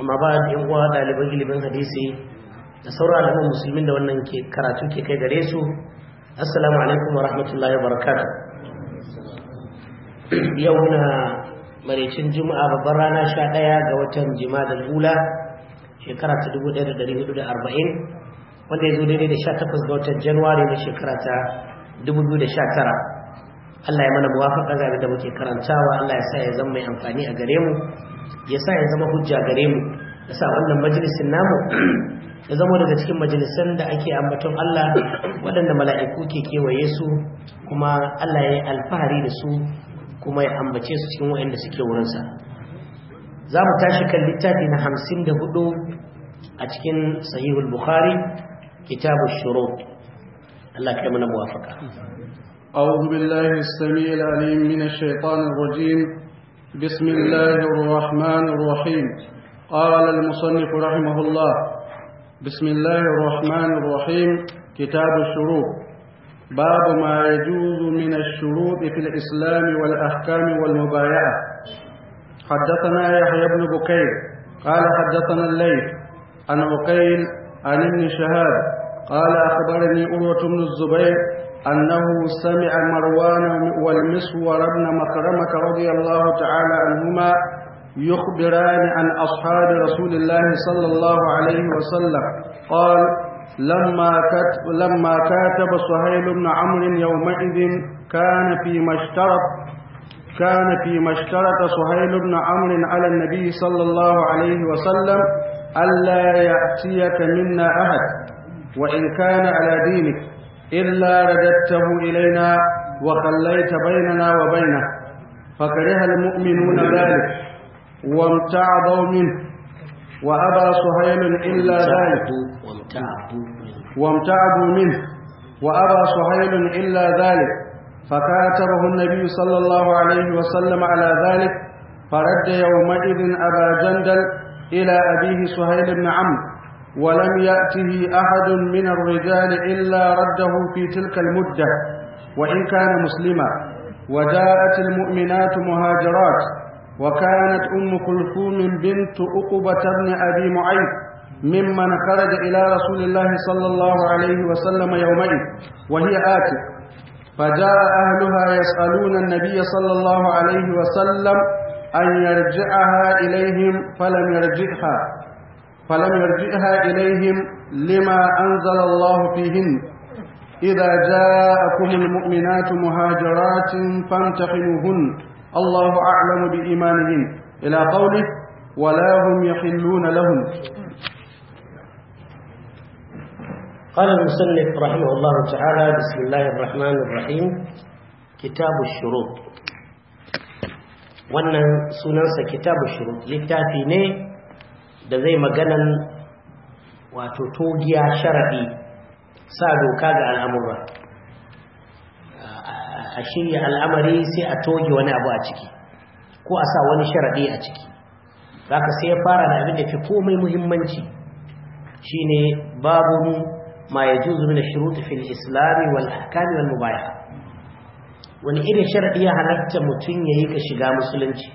amma ba da yan uwa ɗaliban ilimin hadisi da sauran alamun musulmin da wannan ke karatu ke kai gare su assalamu alaikum wa rahmatullahi wa barakatuh yau na maraicin juma'a babbar rana sha ɗaya ga watan jima'a da hula shekara ta dubu ɗaya da ɗari hudu da arba'in wanda ya zo daidai da sha takwas ga watan januwari na shekara ta dubu biyu da sha tara Allah ya mana muwafaƙa ga da muke karantawa Allah ya sa ya zama mai amfani a gare mu ya sa ya zama hujja gare mu ya sa wannan majalisin namu ya zama daga cikin majalisan da ake ambaton Allah waɗanda mala'iku ke kewaye su kuma Allah ya yi alfahari da su kuma ya ambace su cikin da suke wurinsa za mu tashi kan littafi na hamsin da hudu a cikin sahihul bukhari kitabu shuru Allah ka أعوذ بالله السميع العليم من الشيطان الرجيم بسم الله الرحمن الرحيم قال المصنف رحمه الله بسم الله الرحمن الرحيم كتاب الشروط باب ما يجوز من الشروط في الإسلام والأحكام والمبايعة حدثنا يحيى بن بكير قال حدثنا الليث عن بكير عن ابن شهاب قال أخبرني أروة بن الزبير أنه سمع مروان والمسور بن مكرمة رضي الله تعالى عنهما يخبران عن أصحاب رسول الله صلى الله عليه وسلم قال لما كتب, لما كاتب صهيل بن عمرو يومئذ كان فيما اشترط كان فيما اشترط صهيل بن عمرو على النبي صلى الله عليه وسلم ألا يأتيك منا أحد وإن كان على دينك إلا رددته إلينا وخليت بيننا وبينه فكره المؤمنون ذلك وامتعضوا منه وأبى سهيل إلا ذلك وامتعضوا منه وأبى سهيل إلا ذلك فكاتبه النبي صلى الله عليه وسلم على ذلك فرد يومئذ أبا جندل إلى أبيه سهيل بن عمرو ولم يأته أحد من الرجال إلا رده في تلك المدة وإن كان مسلما وجاءت المؤمنات مهاجرات وكانت أم كلثوم بنت أقبة بن أبي معيط ممن خرج إلى رسول الله صلى الله عليه وسلم يومئذ وهي آتت فجاء أهلها يسألون النبي صلى الله عليه وسلم أن يرجعها إليهم فلم يرجعها فلم يرجعها إليهم لما أنزل الله فيهن إذا جاءكم المؤمنات مهاجرات فامتحنوهن الله أعلم بإيمانهن إلى قوله ولا هم يحلون لهم قال المسلف رحمه الله تعالى بسم الله الرحمن الرحيم كتاب الشروط وأن sunansa كتاب الشروط littafi da zai maganan wato togiya sharaɗi sa doka ga al'amura a shirya al'amari sai a toge wani abu a ciki ko a sa wani sharaɗi a ciki za ka sai fara da abin da fi komai muhimmanci shi ne babu ma ya juzu mina shiru fil islami wal hakami wal mubaya wani irin sharaɗi ya halatta mutum ya yi ka shiga musulunci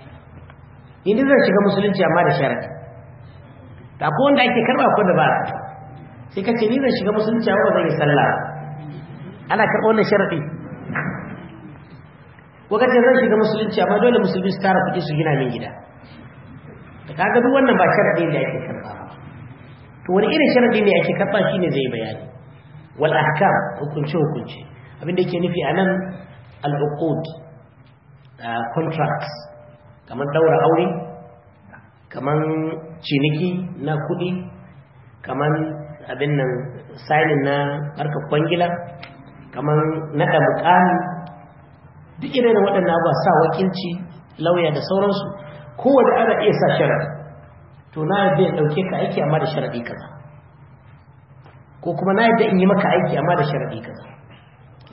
inda zai shiga musulunci amma da sharaɗi da ko wanda ake karba ko da ba sai ka ce ni zan shiga musulunci amma zan yi sallah ana karɓa wannan sharadi ko ka ce zan shiga musulunci amma dole musulmi su tara kuɗi su gina min gida da kaga duk wannan ba ne da ake karɓa ba to wani irin sharadi ne ake karɓa ne zai bayani wal ahkam hukunce hukunce abinda yake nufi nan al uqud ah, contracts kamar daura aure kamar ciniki na kuɗi kamar abin nan sainin na harka kwangila kamar naɗa mukami duk irin waɗannan ba sa wakilci lauya da sauransu kowane ana iya sa shara, to na yadda ya ɗauke ka aiki amma da sharaɗi kaza ko kuma na yadda in yi maka aiki amma da sharaɗi kaza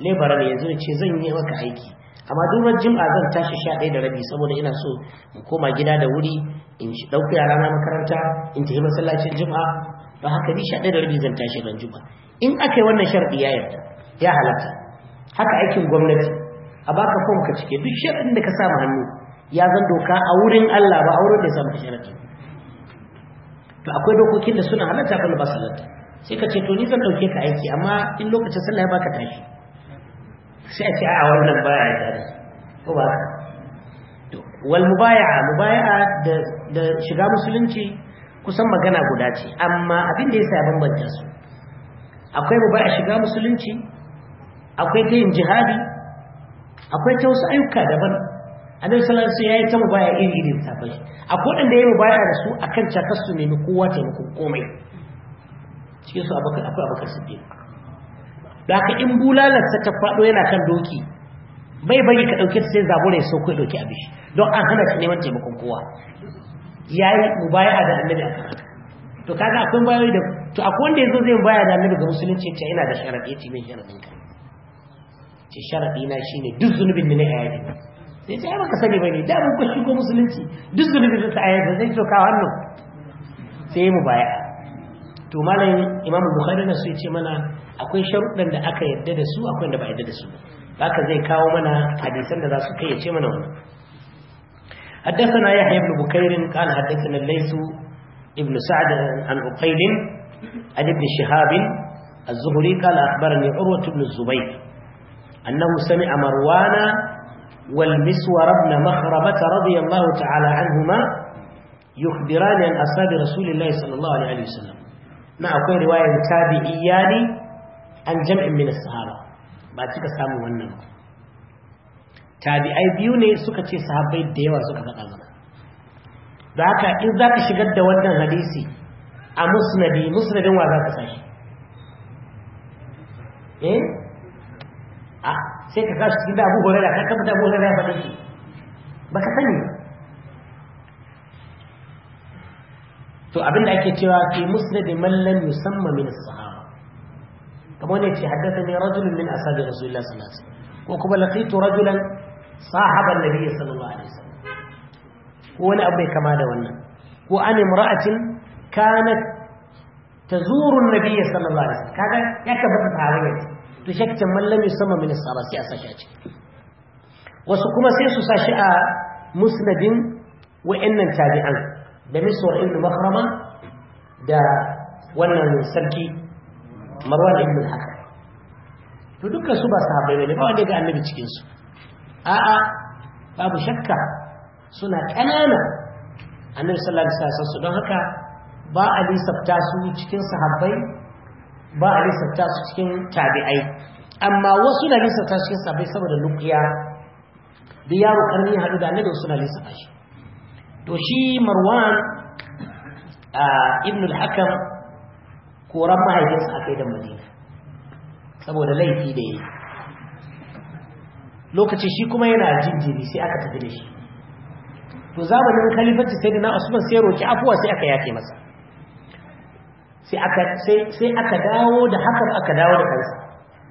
lebara ne yanzu ce zan yi maka aiki amma ran jim'a zan tashi sha ɗaya da rabi saboda ina so in koma gida da wuri in ɗauki yara na makaranta in tafi masallacin jim'a don haka ni sha ɗaya da rabi zan tashi ran jim'a in aka yi wannan sharɗi ya yarda ya halatta haka aikin gwamnati a baka fom ka cike duk sharɗin da ka sa hannu ya zan doka a wurin Allah ba a wurin da ya samu sharɗi to akwai dokokin da suna halatta kan ba su sai ka ce to ni zan ɗauke ka aiki amma in lokacin sallah ya baka tashi sai a ce a wannan baya ya tare ko ba wal mubaya'a mubaya'a da da shiga musulunci kusan magana guda ce amma abin da yasa bambanta su akwai mubaya'a shiga musulunci akwai ta yin jihadi akwai ta wasu ayyuka daban annabi sallallahu alaihi wasallam ya yi ta mubaya iri iri ta bai akwai wanda ya mubaya da su akan cakar su nemi kowa ta komai cikin su akwai abakar biyu da aka in bulalarsa ta faɗo yana kan doki bai bari ka ɗauke sai zabura ya sauko doki ɗauki abin shi don an hana shi neman taimakon kowa ya yi a da annabi akan haka to kaga akwai bayoyi da to akwai wanda yazo zai baya da annabi ga musulunci ce ina da sharadi yace min sharadin ka ce sharadi na shine duk zunubin da ne a yaji sai ce ka sani bane da mun ku shigo musulunci duk zunubin da ta yaji zai to ka hannu sai mu baya to malamin imamu bukhari na su ce mana akwai sharuɗan da aka yadda da su akwai da ba yadda da su ba ka zai kawo mana hadisan da za su kai ya ce mana wani haddasana ya haifar da bukairin kan haddasana laisu ibn sa'ad an uqailin an ibn shahabin az-zuhri kana akhbara ni ibn zubayr annahu sami'a marwana wal miswar ibn mahrabah radiyallahu ta'ala anhuma yukhbirani an ashabi rasulillahi sallallahu alaihi wasallam ما أقول رواية تابعياني an jam'in min sahaba ba cika samun wannan ba tabi'ai biyu ne suka ce sahabbai da yawa suka faɗa mana da haka in za ka shigar da wannan hadisi a musnadi musnadin wa za ka sashi eh a sai ka kashi cikin da abu horera ka kafa da horar horera ya faɗa shi ba ka sani to abinda ake cewa fi musnadi mallan musamman min sahaba kamar ne ce haddathani rajulun min ashabi rasulillah sallallahu alaihi ko kuma laqitu rajulan sahaban nabiy sallallahu alaihi wasallam ko wani abu kama da wannan ko an imra'atin kanat tazuru an-nabiy sallallahu alaihi wasallam kaga ya tabbata tarayya to shakkan mallami sama min sahaba sai a sashi a ciki wasu kuma sai su sashi a musnadin wa'annan tabi'an da misr makrama da wannan sarki marwan ibn al to dukkan su ba sahabbai bane ba wanda ga annabi cikin su a'a babu shakka suna kanana annabi sallallahu alaihi wasallam su don haka ba a lissafta su cikin sahabbai ba a lissafta su cikin tabi'ai amma wasu na lissafta su cikin sahabbai saboda lukiya da yaro karni hadu da annabi suna lissafa shi to shi marwan ah, ibn al-hakam koran mahaifinsa a kai da madina saboda laifi da yi lokacin shi kuma yana jinjiri sai aka tafi da shi to zamanin kalifarci sai da na usman sai roƙi afuwa sai aka yake masa sai aka dawo da hakan aka dawo da kansa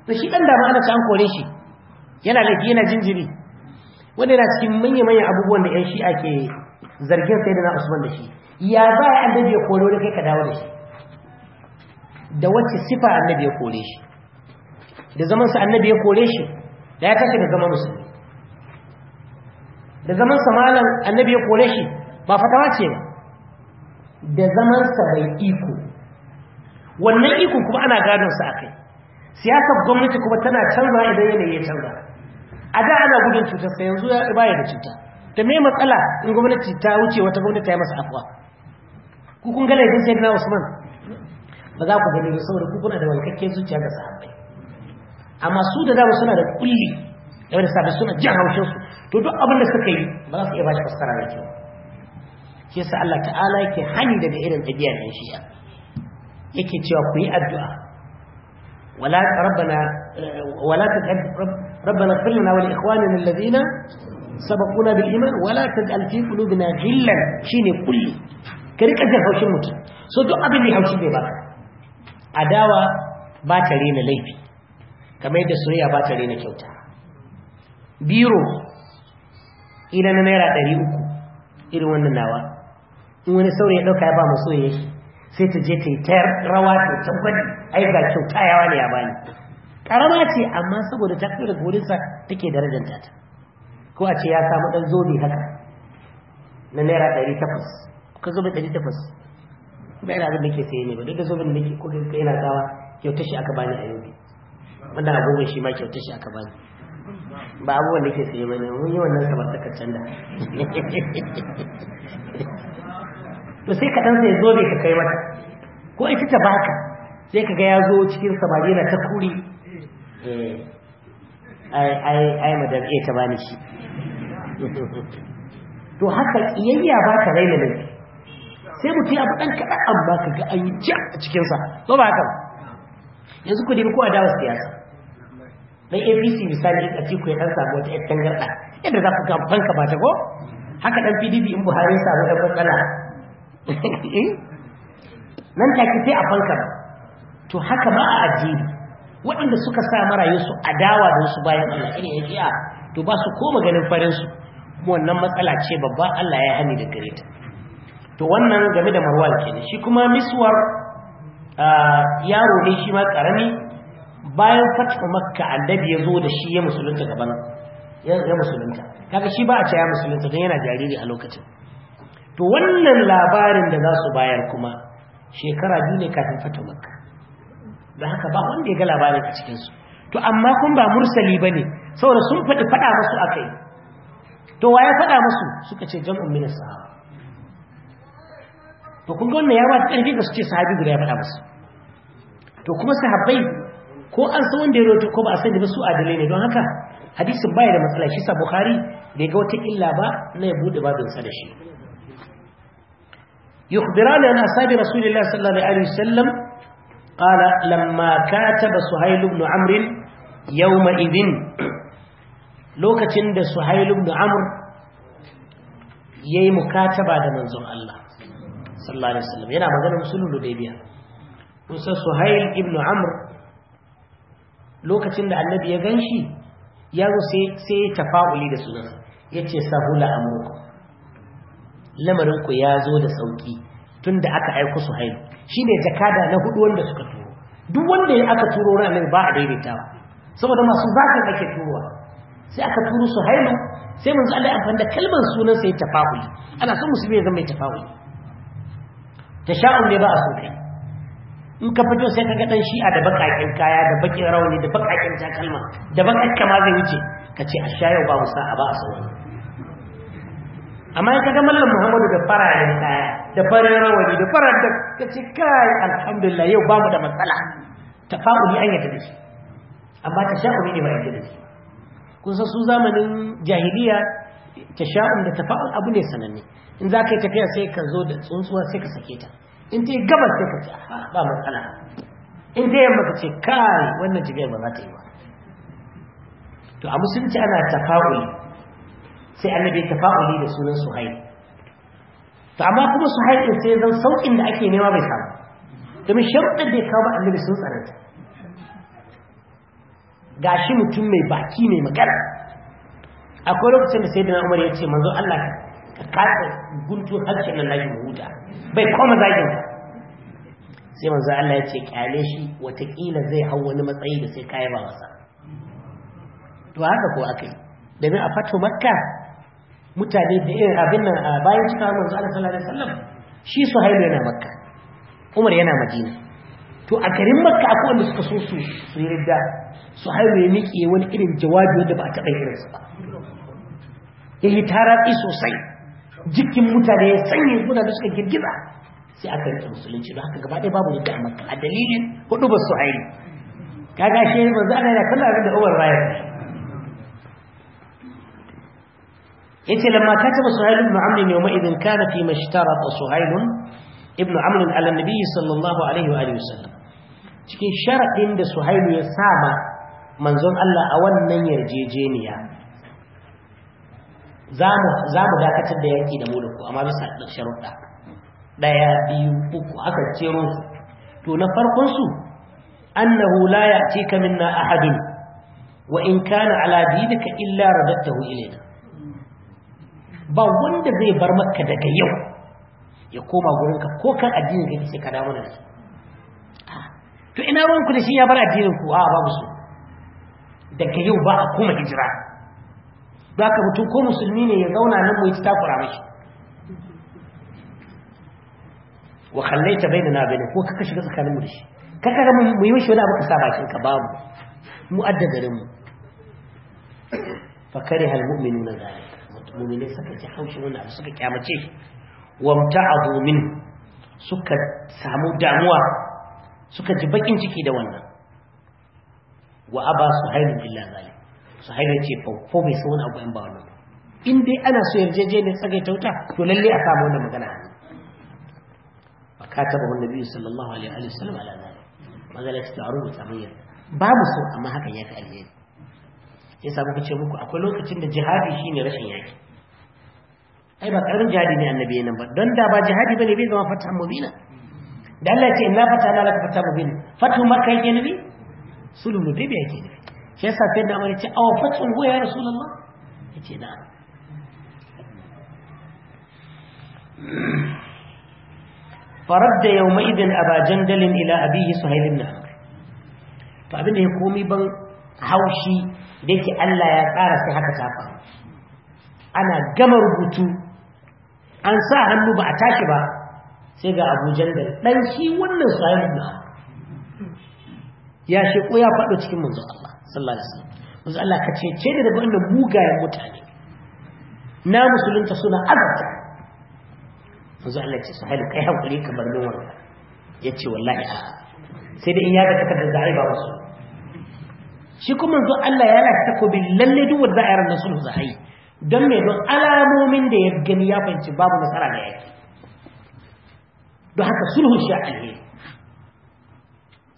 to shi ɗan dama ana ci an kore shi yana laifi yana jinjiri wanda yana cikin manya-manyan abubuwan da 'yan shi ake zargin sai da na usman da shi ya za a annabi ya kore wani kai ka dawo da shi da wacce sifa annabi ya kore shi da zamansa annabi ya kore shi da ya kashe da zaman musulmi da zamansa malam annabi ya kore shi ba fatawa ce ba da zamansa mai iko wannan iko kuma ana gadon a kai siyasar gwamnati kuma tana canza idan yanayi ya canza a da ana gudun cutarsa yanzu ya baya da cuta da mai matsala in gwamnati ta wuce wata gwamnati ta yi masa afuwa kukun galaibin sai na usman ba za ku gani ba saboda ku kuna da walkakken zuciya ga sahabbai amma su da dama suna da kulli game da sahabbai suna jin haushin su to duk abin da suka yi ba za su iya ba shi fassara da kyau Ke sa Allah ta'ala yake hani daga irin tabiya nan shi'a yake cewa ku yi addu'a wala rabbana wala ربنا اغفر لنا ولاخواننا الذين سبقونا بالايمان ولا تجعل في قلوبنا Ka شيء كل كريكه جهوشين متي سو دو ya haushi bai بaka adawa ba ta rena laifi kamar yadda soyayya ba ta rena kyauta biro idan na naira ɗari uku irin wannan nawa in wani saurayi ya ɗauka ya ba mu soyayya shi sai ta je ta yi tayar rawa ta tabbata ai ga kyauta yawa ne ya bani karama ce amma saboda ta kira daga wurinsa take darajanta ta ko a ce ya samu ɗan zobe haka na naira ɗari takwas ka zobe ɗari takwas ba ina abin da ke saye ne ba duk da zobin nake kuka kai yana tsawa kyautar shi aka bani a yau wanda abubuwan shi ma kyautar shi aka bani ba abubuwan nake ke saye ba ne mun yi wannan samartakar can da to sai ka ɗan sai zobe ka kai mata ko ita ta baka sai ka ga ya zo cikin samari na ta kuri eh, ai madar iya eh, ta bani shi to haka iyayya ba ka da laifi sai mutu ya faɗan an amma ka ga an ja a cikinsa ba ba haka yanzu ku nemi ko adawa siyasa Mai apc misali a ciku ya ɗan samu wata yan garɗa yadda za ku gamfan ka ba ta ko haka ɗan pdp in buhari samu ɗan matsala eh? nan take sai a fanka to haka ba a addini waɗanda suka sa marayunsu dawa da wasu bayan Allah irin ya to ba su koma ganin farinsu wannan matsala ce babba Allah ya hani da gare ta to wannan game da marwal ke shi kuma miswar yaro ne shi ma karami bayan fatfa makka annabi ya zo da shi ya musulunta gaban ya musulunta kaga shi ba a ce ya musulunta don yana jariri a lokacin to wannan labarin da za su bayar kuma shekara biyu ne kafin fatfa makka da haka ba wanda ya ga labarin a cikinsu to amma kun ba mursali ba ne saboda sun faɗi faɗa masu akai to wa ya faɗa masu suka ce jam'un minas sahaba to kun wannan ya ba da ƙarfi ba su ce sahabi guda ya faɗa su. to kuma sahabbai ko an san wanda ya rawaito ko ba a sani ba su adalai ne don haka hadisin baya da matsala shi sa bukhari bai ga wata illa ba na ya bude babin sa da shi yukhbirani an asabi rasulillahi sallallahu alaihi wasallam qala lamma kataba suhayl ibn amr yawma idin lokacin da suhayl ibn amr yayi mukataba da manzon Allah sallallahu alaihi wasallam yana maganar sulhul hudaybiya kun san suhail ibn amr lokacin da annabi ya ganshi ya zo sai sai tafa'uli da sunan yace sahula amrukum lamarin ku ya zo da sauki tunda aka aika suhail shine jakada na hudu wanda suka turo duk wanda ya aka turo ranar ba a daidaitawa saboda masu zakin ake turowa sai aka turo suhailu sai mun zalla amfani da kalmar sunan sai tafa'uli ana son musulmi ya zama mai tafa'uli Sha'un ne ba a so kai in ka fito sai ka ga dan shi'a da bakakin kaya da bakin rauni da bakakin takalma da bakakka ma zai wuce ka ce a sha yau ba musa a ba a sauran amma in ka ga mallam muhammadu da fararen kaya da farin rawani da farar da ka ce kai alhamdulillah yau ba mu da matsala tafa'uli an yadda da shi amma ta sha'uri ne ba yadda da shi kun san su zamanin jahiliya tasha'un da tafa'ul abu ne sananne in za ka yi tafiya sai ka zo da tsuntsuwa sai ka sake ta in ta yi gabas sai ka ce ba matsala in ta yamma ka ce kai wannan tafiyar ba za ta yi ba to a musulunci ana tafa'uli sai annabi tafa'uli da sunan suhail to amma kuma suhail din sai zan sauƙin da ake nema bai samu domin sharuɗin da ya kawo annabi sun tsananta gashi mutum mai baki mai magana akwai lokacin da sai da umar ya ce manzo Allah ka kada guntu harshen nan lafi huta bai koma zagin ka sai manzo Allah ya ce kyale shi watakila zai hau wani matsayi da sai kayi ba masa to haka ko akai domin a fato makka mutane da irin abin nan a bayan cika manzo Allah sallallahu alaihi wasallam shi suhailu yana makka umar yana madina to a garin makka akwai wanda suka so su su yi ridda suhailu ya miƙe wani irin jawabi wanda ba a taɓa irinsa ba ya yi taratsi sosai jikin mutane ya sanya guda da suka girgiza sai aka yi musulunci don haka gaba ɗaya babu rika a makka a dalilin hudu ba su haini kaga shi manzo Allah ya kalla da uwar Umar Ya ce lamma ta su Suhayl ibn Amr yawma idin kana fi su Suhayl ibn Amr ala nabi sallallahu alaihi wa sallam. cikin sharadin da Suhayl ya saba manzon Allah a wannan yarjejeniya za mu dakatar da yaƙi da mulku amma bisa da sharuɗa ɗaya biyu uku aka cero su to na farkon su annahu la ya'tika minna ahadun wa in kana ala dinika illa radadtahu ilayna ba wanda zai bar maka daga yau ya koma gurinka ko kan addinin ka sai ka damu da shi to ina ruwanku da shi ya bar addinin ku a babu su daga yau ba a koma hijira za ka mutum ko musulmi ne ya zauna nan mu yi ta takura mashi wa ta bai da na bai ko kaka shiga tsakaninmu da shi kaka da mu yi mashi wani abu ka sa bakin ka babu mu adda garin mu fa kare hal mu'minu na mutumin mu'minai suka ci haushi wani abu suka kyamace shi wamta'adu min suka samu damuwa suka ji bakin ciki da wannan wa aba suhailun illa zalik suhaila ce ko bai so wani abu in ba wannan in dai ana so yarjejeniyar tsagaita wuta to lalle a samu wani magana a ba ka taɓa wani biyu sallallahu alaihi wa sallam ala zai magana su taru da ba babu so amma haka ya fi alheri ya samu ka ce muku akwai lokacin da jihadi shine rashin yaki ai ba karin jihadi ne annabi nan ba don da ba jihadi bane bai zama fatahan mubina da Allah ya ce inna fatana laka fatahan mubina fatu makka yake nabi sulhu ya yake nabi shi yasa sai da amara ce awa fatsun huwa ya rasulullah ya ce na فرد ila abihi جندل إلى أبيه to abin da ya komi ban haushi da yake Allah ya tsara sai haka ta faru ana gama rubutu an sa hannu ba a tashi ba sai ga Abu Jandal dan shi wannan sahibi na ya sheko ya faɗo cikin manzon Allah sallallahu alaihi Allah ka ce ce da daga wannan mugayen mutane na musulunta suna azabta manzo Allah ya ce sahalu kai hakuri kamar min wannan yace wallahi a sai dai in ya ga takardar da ai ba wasu shi kuma manzo Allah ya lafi takobin lalle duk wanda za a yi ranar sulhu za don mai don alamomin da ya gani ya fahimci babu nasara na yaki don haka sulhu shi a alheri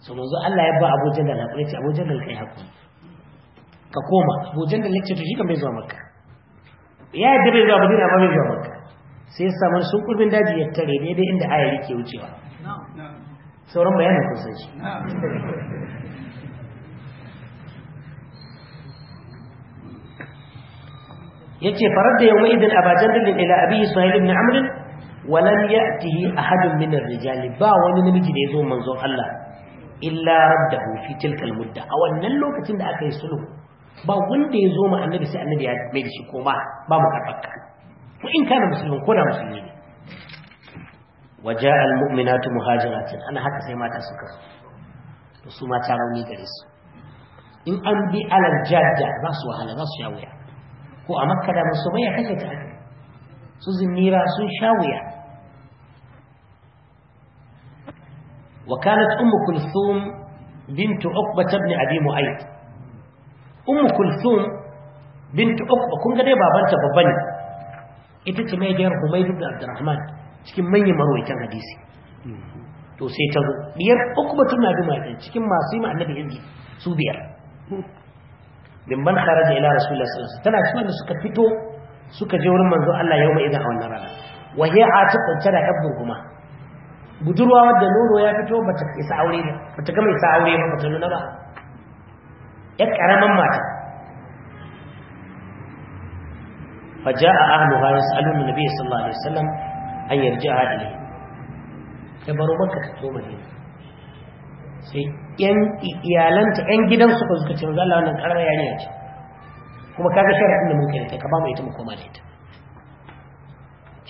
sau manzo Allah ya ba abujan da na kuri ce abujan da na kai hakuri ka koma abujan da lecture to shi kan bai zuwa makka ya yadda bai zuwa madina ba bai zuwa makka sai samun sun kurbin daji ya tare daidai inda aya yake wucewa sauran bayanin kun san shi yace farar da yawma idan abajan dillin ila abi suhail ibn amr walam ya'tihi ahadun min ar-rijal ba wani namiji da yazo manzon Allah illa raddahu fi tilkal mudda a wannan lokacin da aka yi sulhu ba wanda ya zo ma annabi sai annabi ya mai da shi koma ba mu karɓar ka ko in kana musulmi ko da musulmi ne wa ja'al muminatu muhajiratin ana haka sai mata suka to su ma ta rauni gare su in an bi alal jadda za su wahala za su sha ko a makka da masu mai kashe ta su zinnira sun sha wa kanat ummu kulthum بنت عقبة ibn abi mu'ayth ummu kulthum bint ukba kun ga dai babanta babba ne ita ce mai diyar humayd ibn abdurrahman cikin manyan marwaitan hadisi to sai ta zo diyar ukba tana da mai cikin masu yi ma annabi yanzu su biyar bin man kharaja ila rasulullah sallallahu alaihi wasallam tana cikin da suka fito suka je wurin manzo Allah yau mai idan a wannan rana wa hiya atiqun tana dabbu kuma budurwa wadda nono ya fito bata isa aure ba bata gama isa aure ba bata nuna ba ya karaman mata faja'a ahluha na nabiyyi sallallahu alaihi wasallam an yarji'a ilayhi ta baro maka ka zo madina sai yan iyalanta yan gidan su ka suka ce manzo Allah wannan karar yarinya ce kuma kaga shari'in da mun kai ta ka ba mu ita mu koma da ita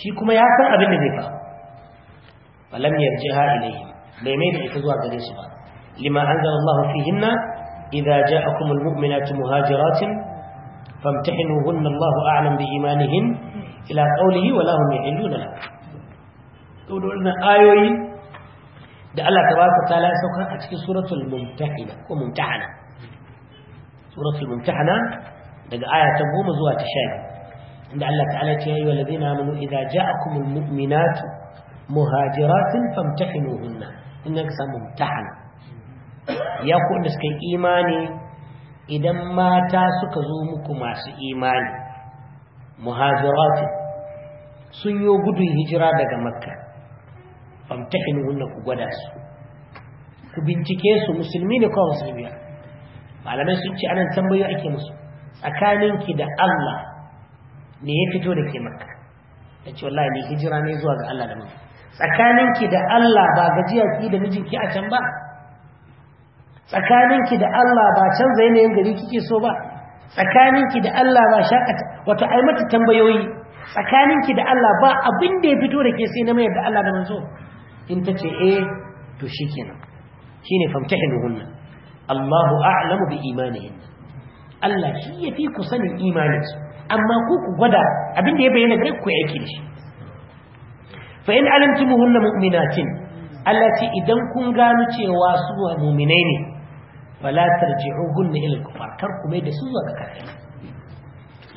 shi kuma ya san abin da zai faru falam yarjiha ilayhi bai mai da ita zuwa gare su ba lima anzalallahu fihinna إذا جاءكم المؤمنات مهاجرات فامتحنوهن الله أعلم بإيمانهن إلى قوله ولا هم يحلون لها تقولوا لنا آيوي دع الله تبارك وتعالى سوف أتك سورة الممتحنة وممتحنة سورة الممتحنة دع آية تبو مزوة تشاهد عند الله تعالى يا أيها الذين آمنوا إذا جاءكم المؤمنات مهاجرات فامتحنوهن إنك سممتحن ya kuɗa suka yi imani idan mata suka zo muku masu imani muhajiratu sun yi gudun hijira daga makka famtahin wannan ku gwada su ku bincike su musulmi ne kawai musulmi malamai sun ce anan tambayoyi ake musu tsakaninki da Allah ne ya fito da ke makka ta ce wallahi ne hijira ne zuwa ga Allah da mu tsakaninki da Allah ba gajiya ki da mijinki a can ba tsakaninki da Allah ba canza yanayin gari kike so ba tsakaninki da Allah ba shakata wato ai mata tambayoyi tsakaninki da Allah ba abin da ya fito da ke sai na mayar da Allah da manzo in ta ce eh to shikenan shine famtahinuhunna Allahu a'lamu bi imanihin Allah shi fi ku sanin imaninsu amma ku ku gwada abin da ya bayyana gare ku yake da shi fa in alimtumuhunna mu'minatin Allah ce idan kun gano cewa su mu'minai ne fala tarji'uhunna ila al-kufar kar ku mai da su zuwa ga kafirai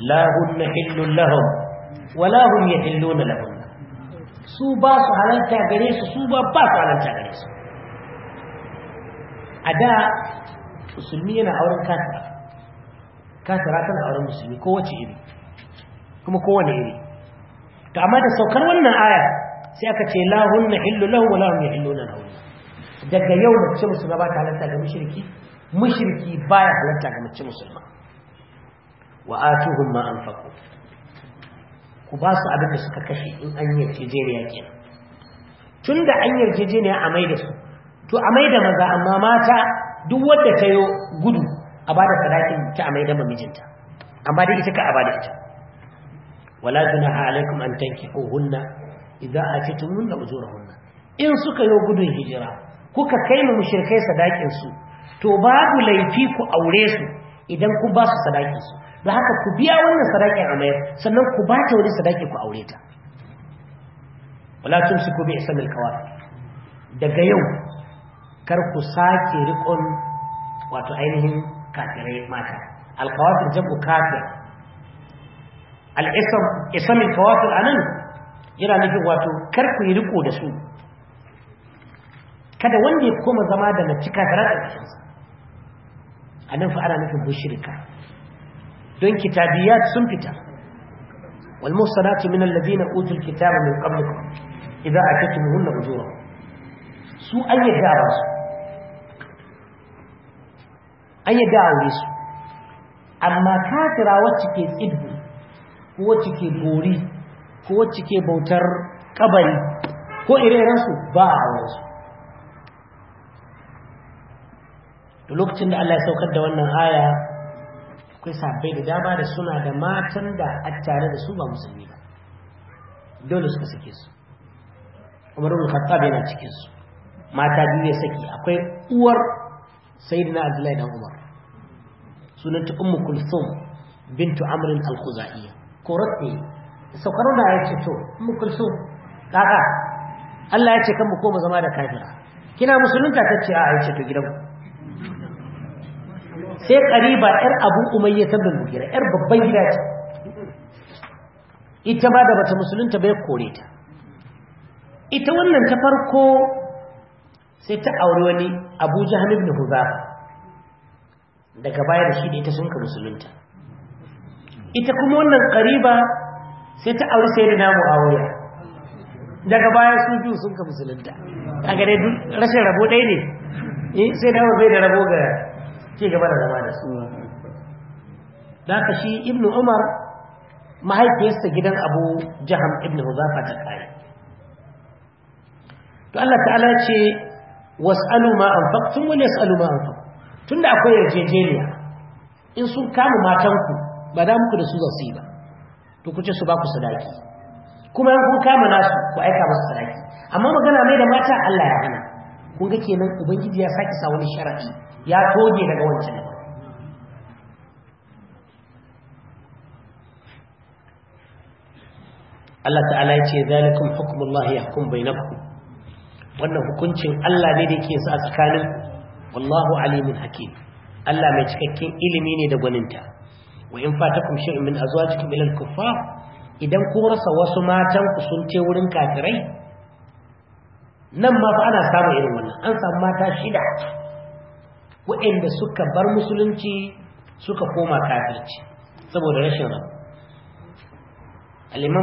la hunna hillun lahum wala hum yahilluna lahum su ba halarta gare su su ba halarta gare su a da musulmi yana auren kafira kafira tana auren musulmi kowace iri kuma kowane iri to amma da saukar wannan aya sai aka ce wa daga yau da ce musulma ba ta halarta ga mushriki mushriki baya halatta ga mace musulma wa atuhum ma anfaqu ku ba su abin da suka kashe in an ke tun tunda an yarjejeniya a maida su to a maida maza amma mata duk wanda ta yo gudu a bada sadakin ta a maida mamijinta amma dai ita ka a bada ita wala junaha alaikum an tanki tankihuhunna idza atitum min ujurahunna in suka yo gudun hijira kuka kai mu mushrikai sadakin su to babu laifi ku aure su idan ku ba su sadaki su da haka ku biya wannan sadakin a mayar sannan ku ba ta wani sadaki ku aure ta wala su ku bi isa milkawa daga yau kar ku sake riƙon wato ainihin kafirai mata alkawafin jabu kafir al'isam isamil kawafir anan yana nufin wato kar ku yi riko da su kada wanda ya koma zama da mace kafira da ƙarshensa a nan fa ana nufin bushirka don kitabiyat sun fita wal musanatu min allazina utul kitaba min qablikum idza ataytumuhunna ujura su an yi ba su an yadda aure su amma kafira wacce ke tsibbi ko wacce ke bori ko wacce ke bautar kabari ko irin irensu ba a aure su da lokacin da Allah ya saukar da wannan aya akwai sabbai da dama da suna da matan da a tare da su ba musulmi ba dole suka sake su Umar ibn Khattab yana cikin su mata biyu ne saki akwai uwar Sayyidina Abdullahi dan Umar sunanta Ummu Kulthum bintu Amr al-Khuzaiya koratte saukar da ya ce to Ummu Kulthum kaka Allah ya ce kan mu koma zama da kafira kina musulunta tace a ya ce to gidanku sai ƙariba ‘yar abu umayya ta bulbugira ‘yar babban gida ce ita ba da bata musulunta bai kore ta ita wannan ta farko sai ta auri wani abu jihar da huza daga baya da shi da ita sun ka musulunta ita kuma wannan ƙariba sai ta auri sai da namu a wuya daga baya su biyu sun ka musulunta a gare rashin rabo ɗaya ne eh, sai namu bai da rabo ga ci gaba da zama da su da ka shi ibn umar mahaifiyarsa gidan abu jaham ibn huzafa ta kai to Allah ta'ala ce was'alu ma anfaqtum wa yas'alu ma Tun tunda akwai yarjejeniya in sun kama matanku ba da muku da su zasu ba to kuce su ba ku sadaki kuma in kun kama nasu ku aika masu sadaki amma magana mai da mata Allah ya hana kun ga kenan ubangiji ya saki sa wani sharadi ya toge daga wancan Allah ta'ala ya ce zalikum hukmullahi yahkum bainakum wannan hukuncin Allah ne da yake sa a tsakanin wallahu alimun hakim Allah mai cikakken ilimi ne da gwaninta wa in fatakum shay'un min azwajikum ila al-kuffar idan ku rasa wasu matan ku sun ce wurin kafirai nan ma fa ana samun irin wannan an samu mata shida waɗanda suka bar musulunci suka koma kafirci saboda rashin rabu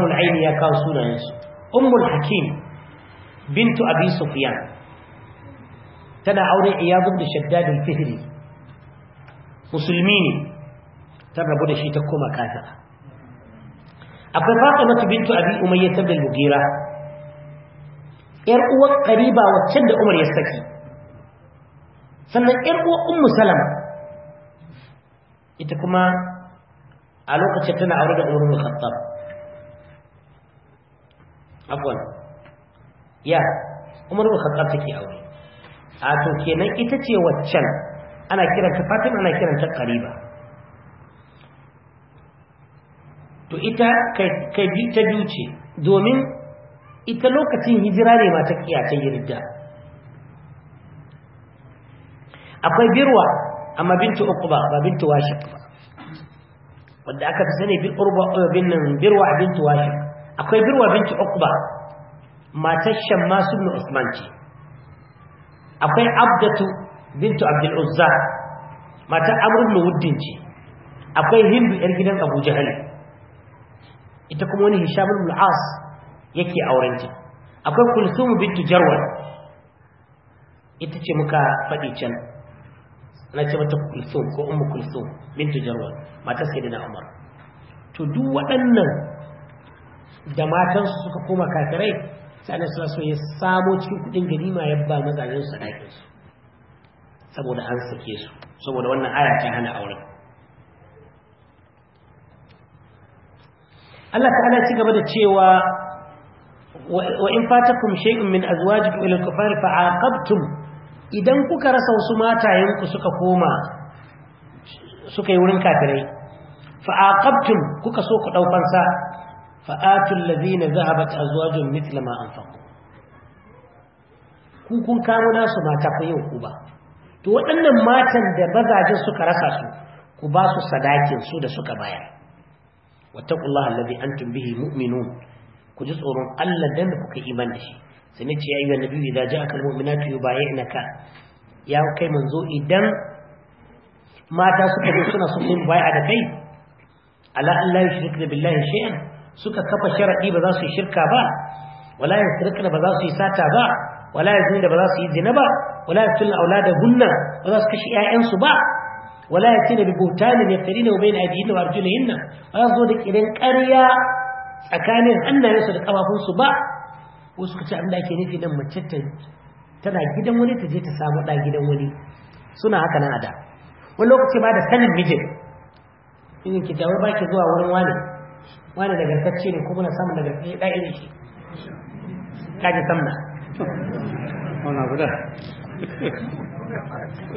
al aini ya kawo sunayensu ummul hakim bintu abi sufyan tana aure iyad da shaddad fihri musulmi ne ta rabu da shi ta koma kafira akwai fatima bintu abi umayyah ibn al yar uwar qariba wacce da Umar ya saki sannan yar uwar Ummu Salama ita kuma a lokacin tana aure da Umar bin Khattab afwan ya Umar bin Khattab take aure a to kenan ita ce waccan ana kiranta Fatima ana kiranta qariba to ita kai kai ta duce domin ita lokacin hijira ne ma ta kiyace rida. akwai birwa amma bintu uqba ba bintu washiq ba wanda aka fi sani bil urba bin birwa bintu washiq akwai birwa bintu uqba matar shammas ibn usman ce akwai abdatu bintu abdul uzza matar amr ibn wuddin ce akwai hindu yar gidan Abuja jahal ita kuma wani hisham ibn al-as yake aurenta akwai kulsum bintu jarwal ita ce muka faɗi can na ce mata kulsum ko ummu kulsum bintu jarwal sai da umar to duk waɗannan da matan su suka koma kafirai sanin suna so ya samo cikin kudin ganima ya ba mazajen su sadakin su saboda an sake su saboda wannan aya ta hana aure Allah ta'ala ci gaba da cewa wa’in fatakun shaikun min azuwaji ku ilin kufar fa’aƙabtun idan kuka rasa wasu matayenku suka koma suka yi wurin kafirai fa’aƙabtun kuka so ku ɗaukansa fa’atun lazi na za a bata azuwajin mitla ma’amfanku kukun kamu nasu mata ku yi ku ba to waɗannan matan da mazajen suka rasa su ku ba su sadakin su da suka bayar wata ƙullahan lazi an tumbihi mu'minu ku ji tsoron Allah dan da kuka iman da shi sai ne ce ya ayyuhan nabiyyu idza ja'aka almu'minatu ka. ya kai manzo idan mata suka zo suna son yin bai'a da kai ala Allah yushrika billahi shay'an suka kafa sharadi ba za su shirka ba wala yusrikna ba za su yi sata ba wala yazina ba za su yi zina ba wala aulada auladahunna ba za su kashi ƴaƴansu ba ولا يأتين ببهتان يفترينه بين أيديهن وأرجلهن zo da إلى ƙarya tsakanin hannayensu da kafafunsu ba wasu kace abin da ake nufi dan mace ta tana gidan wani ta je ta samu da gidan wani suna haka nan ada wani lokaci ba da sanin mijin in ki dawo ba ki zuwa wurin wani wani da garkacce ne kuma na samun daga ɗaya da irin shi kaje samna wannan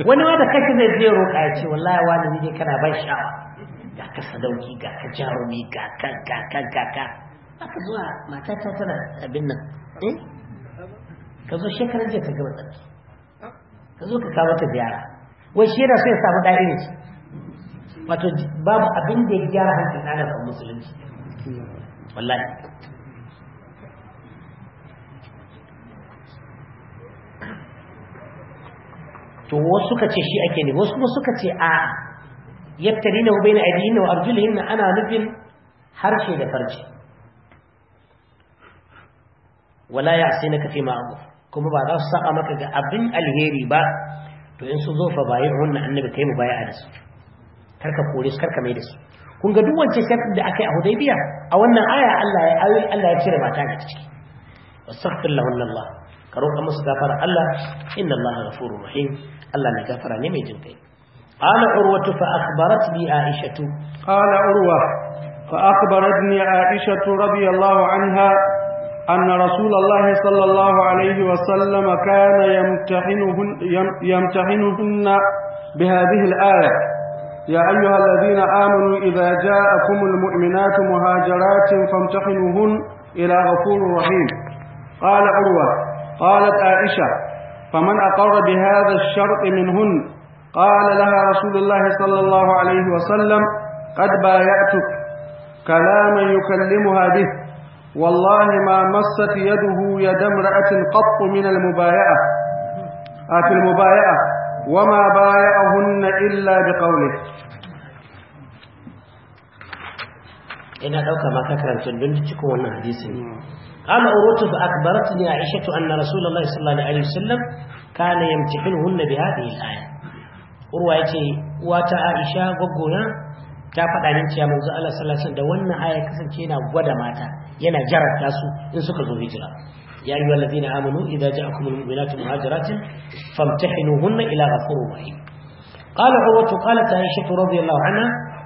wani ma da kashi zai zai roƙa ya ce wallaya wani ne kana ban sha'awa ga ka sadauki ga ka jarumi ga ka ga ka ga ka aka zuwa matata tana abin nan eh ka zo shekarar jiya ka gaba tsarki ka zo ka kawo ta ziyara wai shi yana so ya samu ɗari ne wato babu abin da ya gyara hankali ɗan adam musulunci wallahi to wasu ka ce shi ake ne wasu kuma suka ce a'a yaftarina na baina aydihinna wa arjulihinna ana nufin harshe da farji wala na fi ma'ruf kuma ba za su saba maka ga abin alheri ba to in su zo fa bayi'unna annabi kai mu bai'a da su karka kore su karka mai da su kun ga duk wancan da aka yi a biya, a wannan aya Allah ya ayi Allah ya cire mata ga ciki wastaghfir lahunna Allah ka roƙa musu gafara Allah inna Allah ghafurur rahim Allah ne gafara ne mai jin kai قال عروة فأخبرتني عائشة قال عروة فأخبرتني عائشة رضي الله عنها أن رسول الله صلى الله عليه وسلم كان يمتحنهن, يمتحنهن بهذه الآية يا أيها الذين آمنوا إذا جاءكم المؤمنات مهاجرات فامتحنوهن إلى غفور رحيم قال عروة قالت عائشة فمن أقر بهذا الشرط منهن قال لها رسول الله صلى الله عليه وسلم قد بايعتك كلاما يكلمها به والله ما مست يده يد امرأة قط من المبايعة آه، في المبايعة وما بايعهن إلا بقوله إن dauka ما ka karanta don cikin قال أوروتب أكبرتني عائشة أن رسول الله صلى الله عليه وسلم كان يمتحنهن بهذه الآية urwa ya ce uwata aisha goggona ta faɗa min cewa manzo Allah sallallahu alaihi da wannan aya kasance yana gwada mata yana jarabta su in suka zo hijira ya ayyuha allazina amanu idza ja'akumul mu'minatu muhajiratin famtahinuhunna ila ghafurir rahim qala urwatu qalat aisha radhiyallahu anha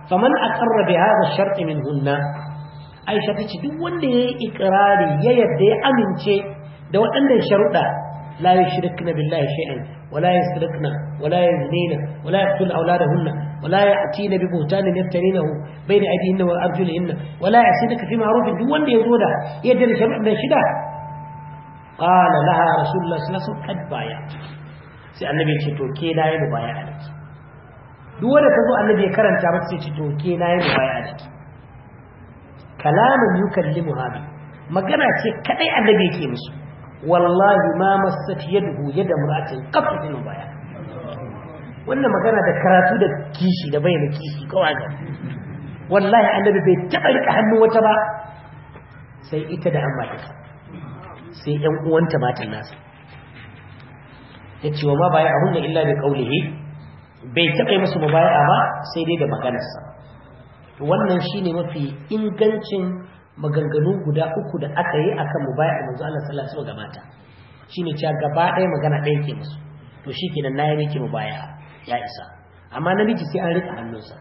faman aqarra bi hadha ash-shart minhunna aisha tace duk wanda yayi ikrari ya yadda ya amince da waɗannan sharuɗa لا يشركن بالله شيئا ولا يسرقن ولا يزنين ولا يقتلن أولادهن ولا يأتين ببهتان يفترينه بين أيديهن وأرجلهن ولا يعصينك في معروف دون يزودا يدري شمعنا شدا قال لها رسول الله صلى الله عليه وسلم قد بايعت sai annabi ce to ke na yi mubaya da ki duk wanda ka zo annabi ya karanta mata sai ce to ke na yi mubaya da ki kalamun yukallimu habi magana ce kadai annabi yake musu wallahi ma masat yadhu yadda muratin kafu din baya wannan magana da karatu da kishi da bayyana kishi kawai ga wallahi annabi bai taba rika hannu wata ba sai ita da amma ta sai ɗan uwanta matan nasa yace wa ma baya ahunna illa bi qawlihi bai taba musu mubaya'a ba sai dai da maganarsa wannan shine mafi ingancin maganganu guda uku da aka yi akan a manzo Allah sallallahu alaihi wasallam ga mata shine cewa gaba ɗaya magana ɗaya ke musu to shi kenan nayi miki mubaya ya isa amma namiji sai an rika hannunsa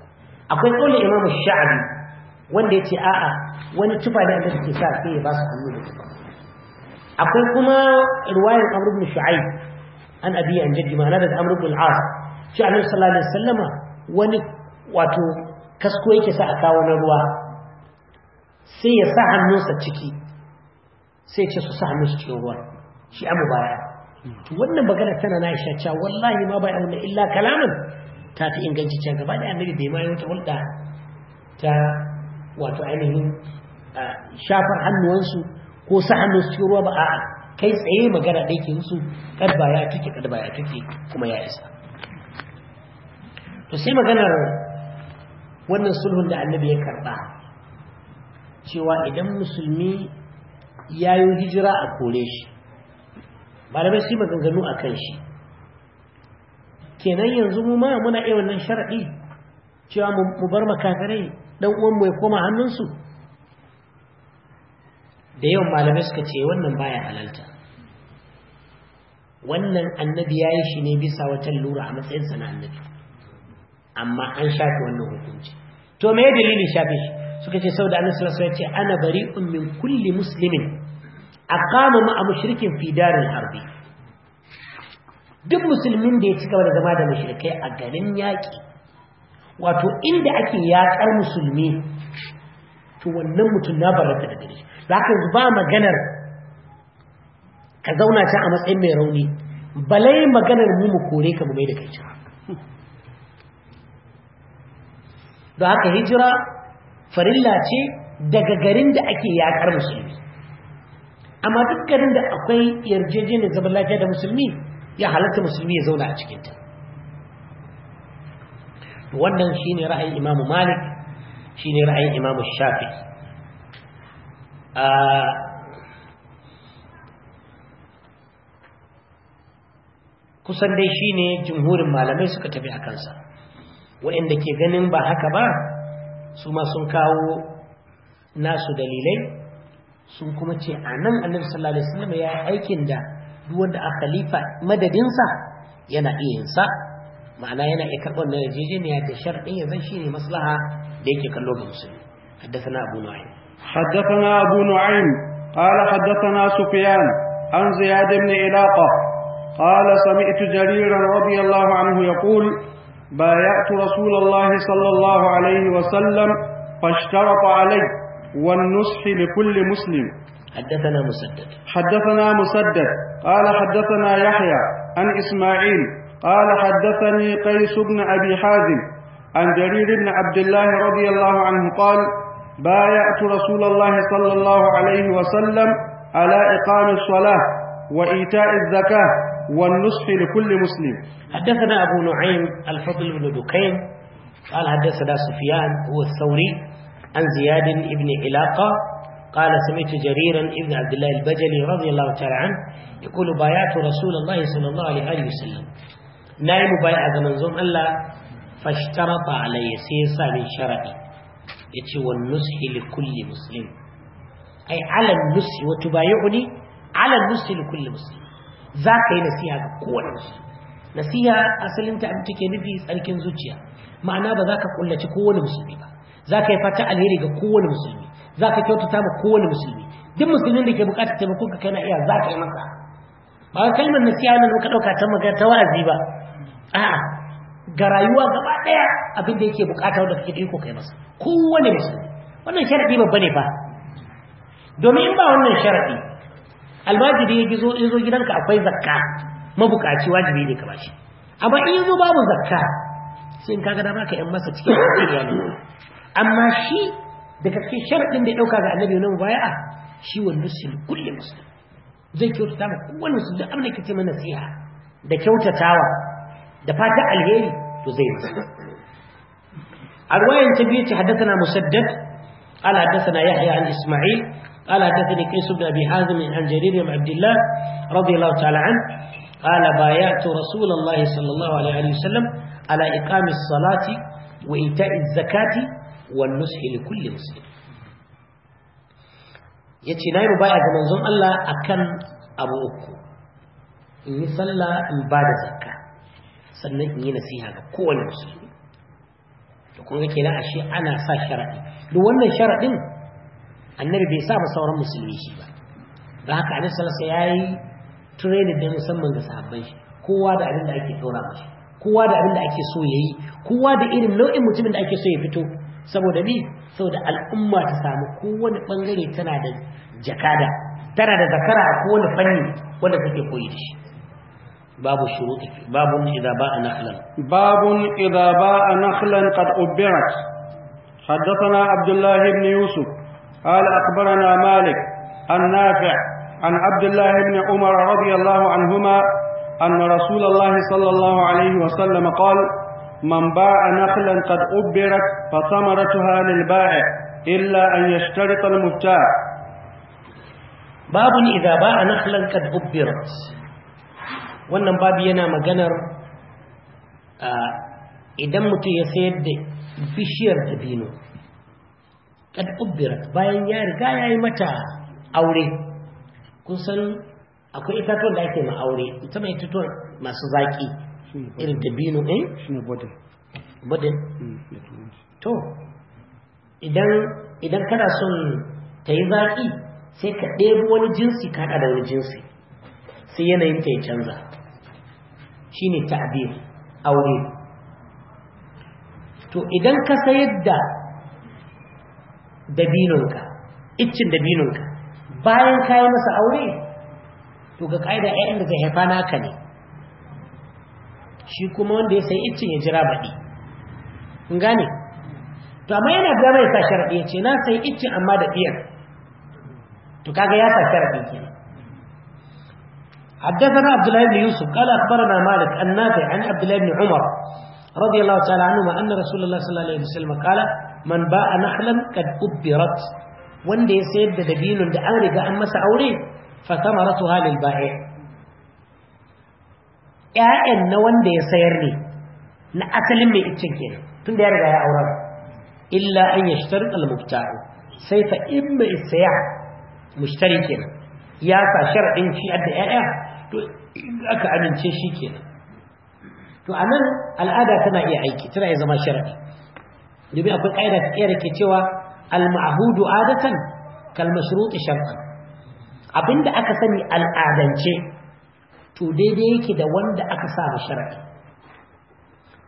akwai kaulin imamu Sha'abi wanda yace a'a wani tufa ne Allah ke sa sai ya ba su hannu da tufa akwai kuma riwayar Amr ibn Shu'aib an abi an jaddi ma'ana da Amr ibn al-As shi sallallahu alaihi wasallama wani wato kasko yake sa a kawo na ruwa sai ya sa hannunsa ciki sai ce su sa hannunsa cikin ruwa shi abu baya to wannan magana tana na isha cewa wallahi ma bai azumi illa kalaman ta fi inganci can gaba da annabi bai ma yi wata hulɗa ta wato ainihin shafar hannuwansu ko sa hannunsu cikin ruwa ba a'a kai tsaye magana da yake musu kadba ya kike kadba ya kike kuma ya isa to sai maganar wannan sulhun da annabi ya karɓa. cewa idan musulmi ya yi hijira a kore shi malamai su maganganu a kan shi kenan yanzu mu ma muna iya wannan sharaɗi cewa mu bar dan uwan mu ya koma hannunsu da yawan malamai suka ce wannan baya halalta wannan annabi ya yi shi ne bisa wata lura a matsayinsa na annabi amma an shafe wannan hukunci to me dalilin shafe shi suka ce saboda da sallallahu alaihi ya ce ana bari'un min kulli a kama mu a fi fidarin harbi duk musulmin da ya ci gaba da zama da mushrikai a ganin yaƙi, wato inda ake yaƙar musulmi to wannan mutum na barata da gari zaka ba maganar ka zauna can a matsayin mai rauni balai maganar mu mu kore ka mu mai da kai da haka hijira farilla ce daga garin da ake yakar musulmi amma duk garin da akwai yarjejeniyar zaman lafiya da musulmi ya halatta musulmi ya zauna a cikinta wannan shine ra'ayin Imam Malik shine ra'ayin Imam Shafi. Ah, kusan dai shine jumhurin malamai suka tafi a kansa waɗanda ke ganin ba haka ba su ma sun kawo nasu dalilai sun kuma ce a nan annabi sallallahu alaihi wasallam ya yi aikin da duk wanda a khalifa madadinsa yana iya yin sa ma'ana yana iya karɓar na yarjejeniya da sharɗin ya zan shine maslaha da yake kallo ga musulmi haddathana abu نعيم haddathana abu نعيم qala haddathana sufyan an ziyad ibn ilaqa qala sami'tu جريرا radiyallahu anhu yaqul بايعت رسول الله صلى الله عليه وسلم فاشترط علي والنصح لكل مسلم حدثنا مسدد حدثنا مسدد قال حدثنا يحيى عن إسماعيل قال حدثني قيس بن أبي حازم عن جرير بن عبد الله رضي الله عنه قال بايعت رسول الله صلى الله عليه وسلم على إقام الصلاة وإيتاء الزكاة والنصف لكل مسلم حدثنا أبو نعيم الفضل بن دكين قال حدثنا سفيان هو الثوري عن زياد بن علاقة قال سمعت جريرا ابن عبد الله البجلي رضي الله تعالى عنه يقول بايعت رسول الله صلى الله عليه وسلم نائم بايع زمن الله فاشترط علي سيسا من شرعي يتي والنصح لكل مسلم أي على النصح وتبايعني على النصح لكل مسلم za ka yi nasiha ga kowane shi nasiha asalinta abin take nufi tsarkin zuciya ma'ana ba za ka kullaci kowane musulmi ba za ka yi fata alheri ga kowane musulmi za ka kyautata ma kowane musulmi duk musulmin da ke bukatar taimako ka kana iya za ka yi masa ba kalmar nasiha nan ka ɗauka ta magana ta wa'azi ba a'a ga rayuwa gaba ɗaya abin da yake bukata wanda kake iko kai masa kowane musulmi wannan sharadi babba ne fa domin in ba wannan sharadi almajiri ya gizo ya zo gidanka akwai zakka mabukaci wajibi ne ka shi amma in yazo babu zakka sai in kaga dama ka yan masa cikin iyali amma shi da kake sharadin da ya dauka ga annabi nan waya, shi wa nusul kulli muslim zai kyautata ma kowanne su da abin da kace mana nasiha da kyautatawa da fata alheri to zai yi arwayan ta biyu haddasa na musaddad Haddasa na Yahya an Isma'il. قال حدثني قيس بن أبي حازم عن جرير بن عبد الله رضي الله تعالى عنه قال بايعت رسول الله صلى الله عليه وسلم على إقام الصلاة وإيتاء الزكاة والنصح لكل مسلم yace nayi rubaya ga manzon Allah akan abu uku in yi sallah in ba da zakka sannan in yi nasiha ga kowane musulmi to kun ga kenan ashe ana sa sharaɗi duk wannan sharaɗin. annabi bai sa ba sauran musulmi shi ba da haka annabi sallallahu alaihi wasallam yayi training da musamman ga sahabbai shi kowa da abin da ake dora mashi kowa da abin da ake so yayi kowa da irin nau'in mutumin da ake so ya fito saboda ni saboda al'umma ta samu kowane bangare tana da jakada tana da zakara a kowane fanni wanda take koyi da shi Babu shuruti babu idza باء نخلا babu idza باء نخلا قد أبرت حدثنا عبد الله بن يوسف قال أخبرنا مالك عن نافع عن عبد الله بن عمر رضي الله عنهما أن رسول الله صلى الله عليه وسلم قال من باع نخلا قد أبرت فثمرتها للبائع إلا أن يشترط المبتاع باب إذا باع نخلا قد أبرت wannan babu yana maganar idan mutum ya sayar da bishiyar dabino kad ubirat bayan ya riga ya yi mata aure kun san akwai itatuwan da ake ma aure ita mai itatuwan masu zaki irin dabino eh shine bodin bodin mm, to idan idan kana son ta yi zaki sai ka ɗebo wani jinsi ka da wani jinsi sai yanayin ta ya canza shine ta'abir aure to idan ka sayar da dabinonka iccin dabinonka bayan ka yi masa aure to ga ƙa'ida ‘ya'yan da zai haifa naka ne shi kuma wanda ya sai iccin ya jira baɗi kun gane to amma yana biya mai sa sharaɗi ya ce na sai iccin amma da ɗiyar to kaga ya sa sharaɗi ke حدثنا عبد الله بن يوسف قال اخبرنا مالك النافع عن عبد الله بن عمر رضي الله تعالى عنهما ان رسول الله صلى الله عليه وسلم قال man ba'a nahlan qad ubbirat wanda ya sayar da dabinun da an riga an masa aure fa thamaratuha lil ba'i' ƴaƴan na wanda ya sayar ne na asalin mai iccen kenan tunda ya riga ya aura illa an yashtarita al mubta'u sai fa in mai saya mushtari kenan ya sa sharadin shi da ƴaƴa to aka amince shi kenan to anan al'ada tana iya aiki tana iya zama sharadi domin akwai ƙa'ida ta ƙera ke cewa al adatan kal mashruti shar'an abinda aka sani al'adance to daidai yake da wanda aka sa ba shar'i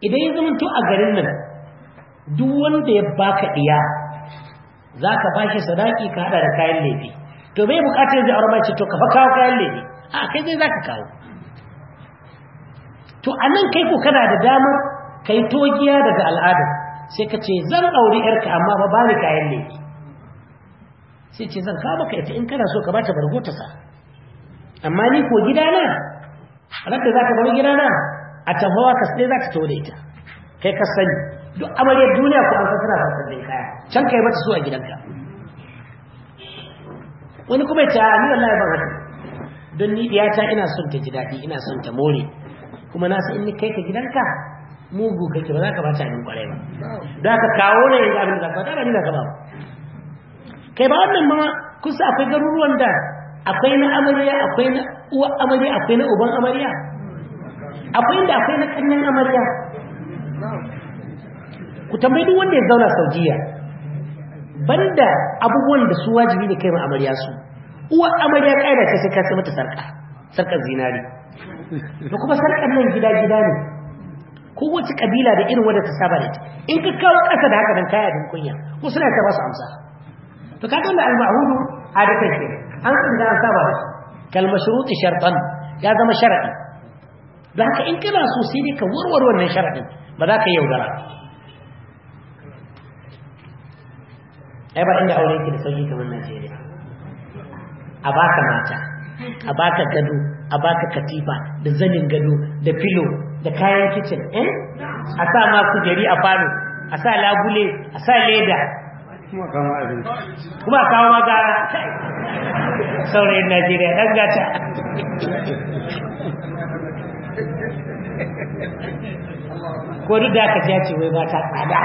idan ya zama to a garin nan duk wanda ya baka diya zaka bashi sadaki ka hada da kayan lefi to bai bukatar da aure ce to ka kawo kayan lefi a kai zai zaka kawo to a nan kai ko kana da damar kai togiya daga al'adar sai ka ce zan ɗauri yarka amma ba bani kayan ne. sai ce zan kawo maka ita in kana so ka ba ta bargo sa amma ni ko gida na? ranar za ka bar na, a tafawa ka sai za ka tole ta. kai ka sani duk amaryar duniya ko an kasara ba ta zai kaya can kai mata so a gidanka wani kuma ta ni wallahi ya haka don ni ta ina son ta ji daɗi ina son ta more kuma na san in ni kai ka gidanka mugu kake ba za ka ba ta yin kwarai ba da ka kawo ne ga abin da ka ba ni da ka ba kai ba wannan ma kusa akwai garuruwan da akwai na amarya akwai na uwa amarya akwai na uban amarya akwai inda akwai na kanyen amarya ku tambayi duk wanda ya zauna saudiya banda abubuwan da su wajibi ne kai ma amarya su uwa amarya kaida ta sai ka sai mata sarka sarkar zinari da kuma sarkar nan gida gida ne kowace kabila da irin wadda ta saba da ita in ka kawo ƙasa da haka nan kaya abin kunya ko suna ta basu amsa to ka kalla al-ma'rudu adatan ke an san da an saba da kal mashrut shartan ya zama sharadi da haka in kana so sai dai ka warware wannan sharadin ba za ka yaudara ai ba inda aure yake da sauki kamar Najeriya a baka mata a baka gado a baka katifa da zanin gado da filo da kayan kicin eh a sa ma jari a falo a sa labule a sa leda kuma kawo ma gara saurayin najeriya ɗan gata ko duk da aka ji ce wai mata tsada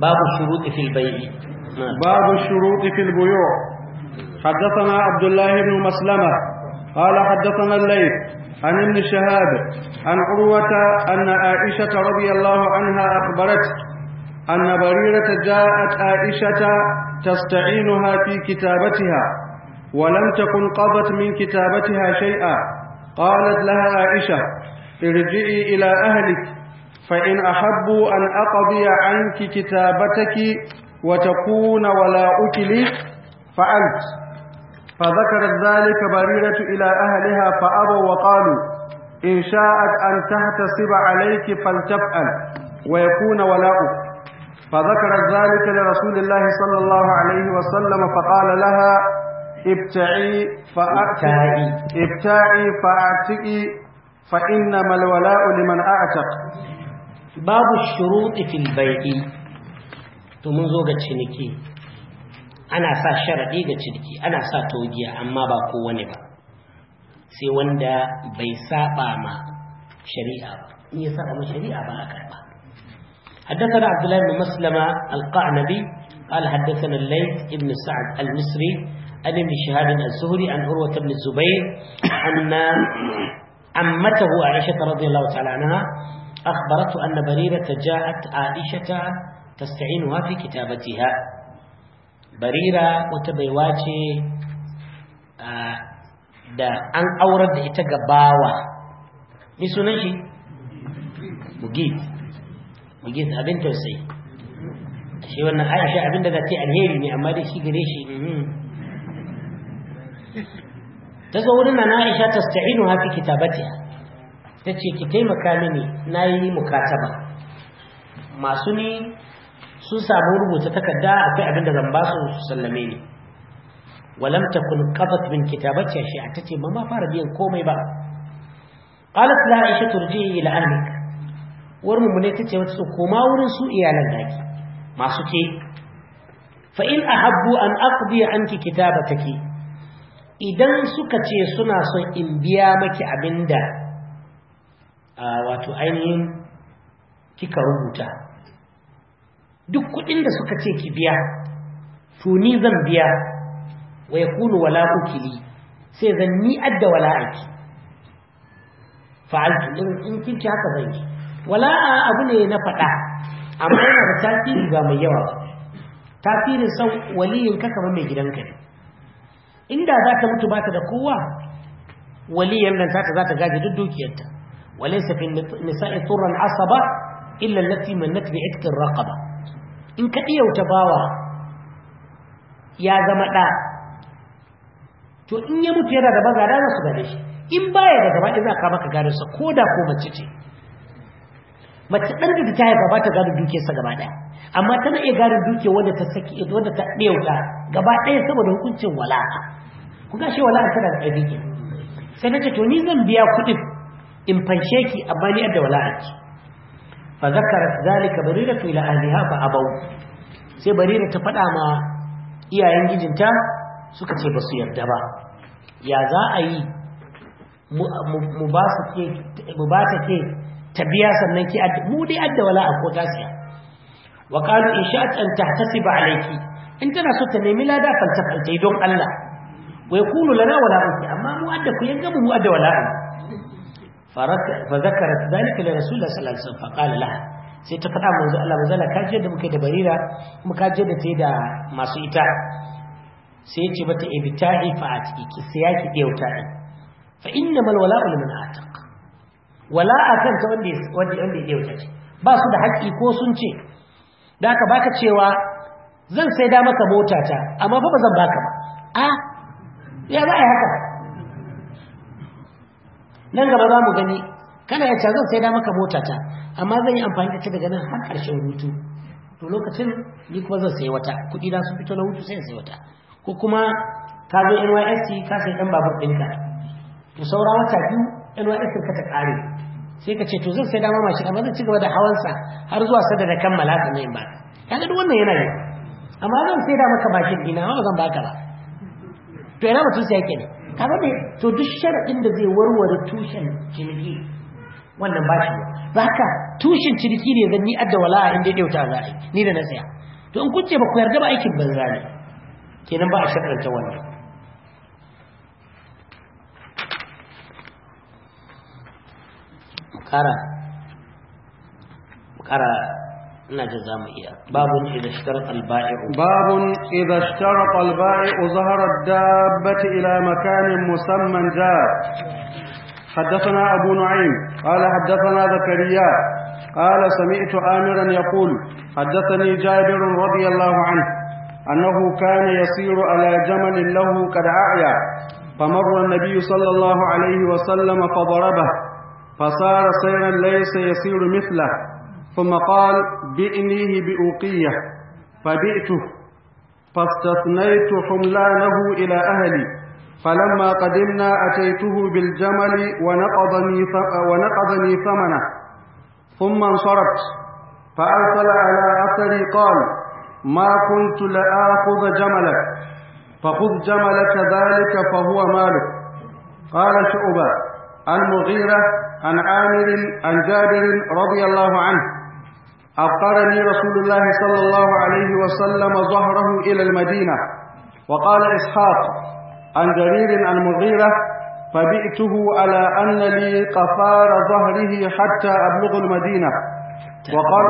babu shuruɗi fil bayi babu shuruɗi fil buyu حدثنا عبد الله بن مسلمة قال حدثنا الليث عن ابن شهاب عن عروة أن عائشة رضي الله عنها أخبرت أن بريرة جاءت عائشة تستعينها في كتابتها ولم تكن قضت من كتابتها شيئا قالت لها عائشة ارجعي إلى أهلك فإن أحبوا أن أقضي عنك كتابتك وتكون ولا أكلي فعلت فذكرت ذلك بريرة إلى أهلها فأبوا وقالوا إن شاءت أن تحتسب عليك فلتفعل ويكون ولاؤك فذكرت ذلك لرسول الله صلى الله عليه وسلم فقال لها ابتعي فأعتقي ابتعي فأعتقي فإنما الولاء لمن أعتق باب الشروط في البيع to mun zo ga ciniki ana sa sharaɗi ga ciniki ana sa togiya amma ba kowane ba sai wanda bai saba ma shari'a ba in ya saba ma shari'a ba a karba حدثنا عبد الله بن مسلمة القعنبي قال حدثنا الليث بن سعد المصري عن ابن شهاب الزهري عن عروة بن الزبير أن عمته عائشة رضي الله تعالى عنها أخبرته أن بريرة جاءت عائشة تستعينها في كتابتها barira wata baiwa ce da an aurar da ita ga bawa ni sunan shi mugid mugid abin tausayi shi wannan aisha abin da za ta alheri ne amma dai shi gare shi mm-hmm. ta zo wurin nan aisha ta sta'inu hafi kitabatiya ta ce ki taimaka mini na yi mukataba masu ni sun samu rubuta takarda akwai kai abinda zan ba su sallame ni walam takun qadat min kitabati a tace ma ma fara biyan komai ba qalat la aisha turji ila ahlik wurin mu ne tace wata su koma wurin su iyalan daki masu ke fa in ahabbu an aqdi anki kitabataki idan suka ce suna son in biya maki abinda wato ainihin kika rubuta duk kuɗin da suka ce ki biya to ni zan biya wa yakunu wala ukili sai zan ni adda wala'aki fa'altu in kin ci haka zan yi wala'a abu ne na faɗa amma yana da tasiri ba mai yawa ba Tafirin san waliyin ka kamar mai gidanka ne inda za ka mutu bata da kowa waliyan nan za ta gaji duk dukiyarta walaysa fi nisa'i turran asaba illa allati mannat bi raqaba in ka ɗiyauta bawa ya zama ɗa to in ya mutu yana da magada za su gane shi in baya da gaba ɗin za ka maka gane sa ko da ko mace ce mace ɗan da ta haifa ba ta gane sa gaba ɗaya amma tana iya gane dukiyar wanda ta saki wanda ta ɗiyauta gaba ɗaya saboda hukuncin wala'a ku shi wala'a tana da sai na ce to ni zan biya kuɗin in fanshe ki amma ni yadda wala'anki fa zakarat zalika bariratu ila ahliha fa Abau? sai barira ta faɗa ma iyayen gijinta suka ce ba su yarda ba ya za a yi mu ba ta ke ta biya sannan ki mu dai adda wala a kota wa kalu in sha'at an tahtasiba alayki in tana so ta nemi lada falta falta don Allah wai kulu lana wala amma mu adda ku yanga mu adda wala فذكرت ذلك لرسول الله صلى الله عليه وسلم فقال لها sai ta faɗa manzo Allah manzo Allah kaje da muke da barira kuma kaje da tai da masu ita sai yace mata ibtahi fa atiki ki sai ki dewta din fa innamal wala'u liman ataq wala'a kan ta wanda wanda wanda ya dewta ce ba su da haƙƙi ko sun ce da ka baka cewa zan sai da maka mota ta amma fa ba zan baka ba a ya za a yi haka nan gaba za mu gani kana ya zan sai da maka mota ta amma zan yi amfani da ta daga nan har ƙarshen hutu to lokacin ni kuma zan sai wata kuɗi na su fito na hutu sai sai wata ko kuma ka zo NYSC ka sai ɗan babur ɗinka to saura wata biyu NYSC ka ta ƙare sai ka ce to zan sai dama mashin amma zan ci gaba da hawansa har zuwa sada da kammala sannan in ba kaga duk wannan yana yi amma zan sai da maka bakin dina ba zan baka ba to yana mutum sai yake ne kaga ne to duk sharaɗin da zai warware tushen ciniki wannan ba shi ba ka? tushen ciniki ne zan ni adda wala in dai dauta za a ni da na tsaya to in kunce ba ku yarda ba aikin banza ne kenan ba a ta wannan kara kara لا باب إذا اشترط البائع باب إذا اشترط البائع ظهر الدابة إلى مكان مسمى جاء حدثنا أبو نعيم قال حدثنا زكريا قال سمعت آمرا يقول حدثني جابر رضي الله عنه أنه كان يسير على جمل له قد أعيا فمر النبي صلى الله عليه وسلم فضربه فصار سيرا ليس يسير مثله ثم قال بئنيه بأوقية فبئته فاستثنيت حملانه إلى أهلي فلما قدمنا أتيته بالجمل ونقضني ونقضني ثمنه ثم انصرفت فأرسل على أثري قال ما كنت لآخذ جملك فخذ جملك ذلك فهو مالك قال شعبة المغيرة عن عامر عن جابر رضي الله عنه أبقرني رسول الله صلى الله عليه وسلم ظهره إلى المدينة وقال إسحاق عن جرير عن مغيرة فبئته على أن لي قفار ظهره حتى أبلغ المدينة وقال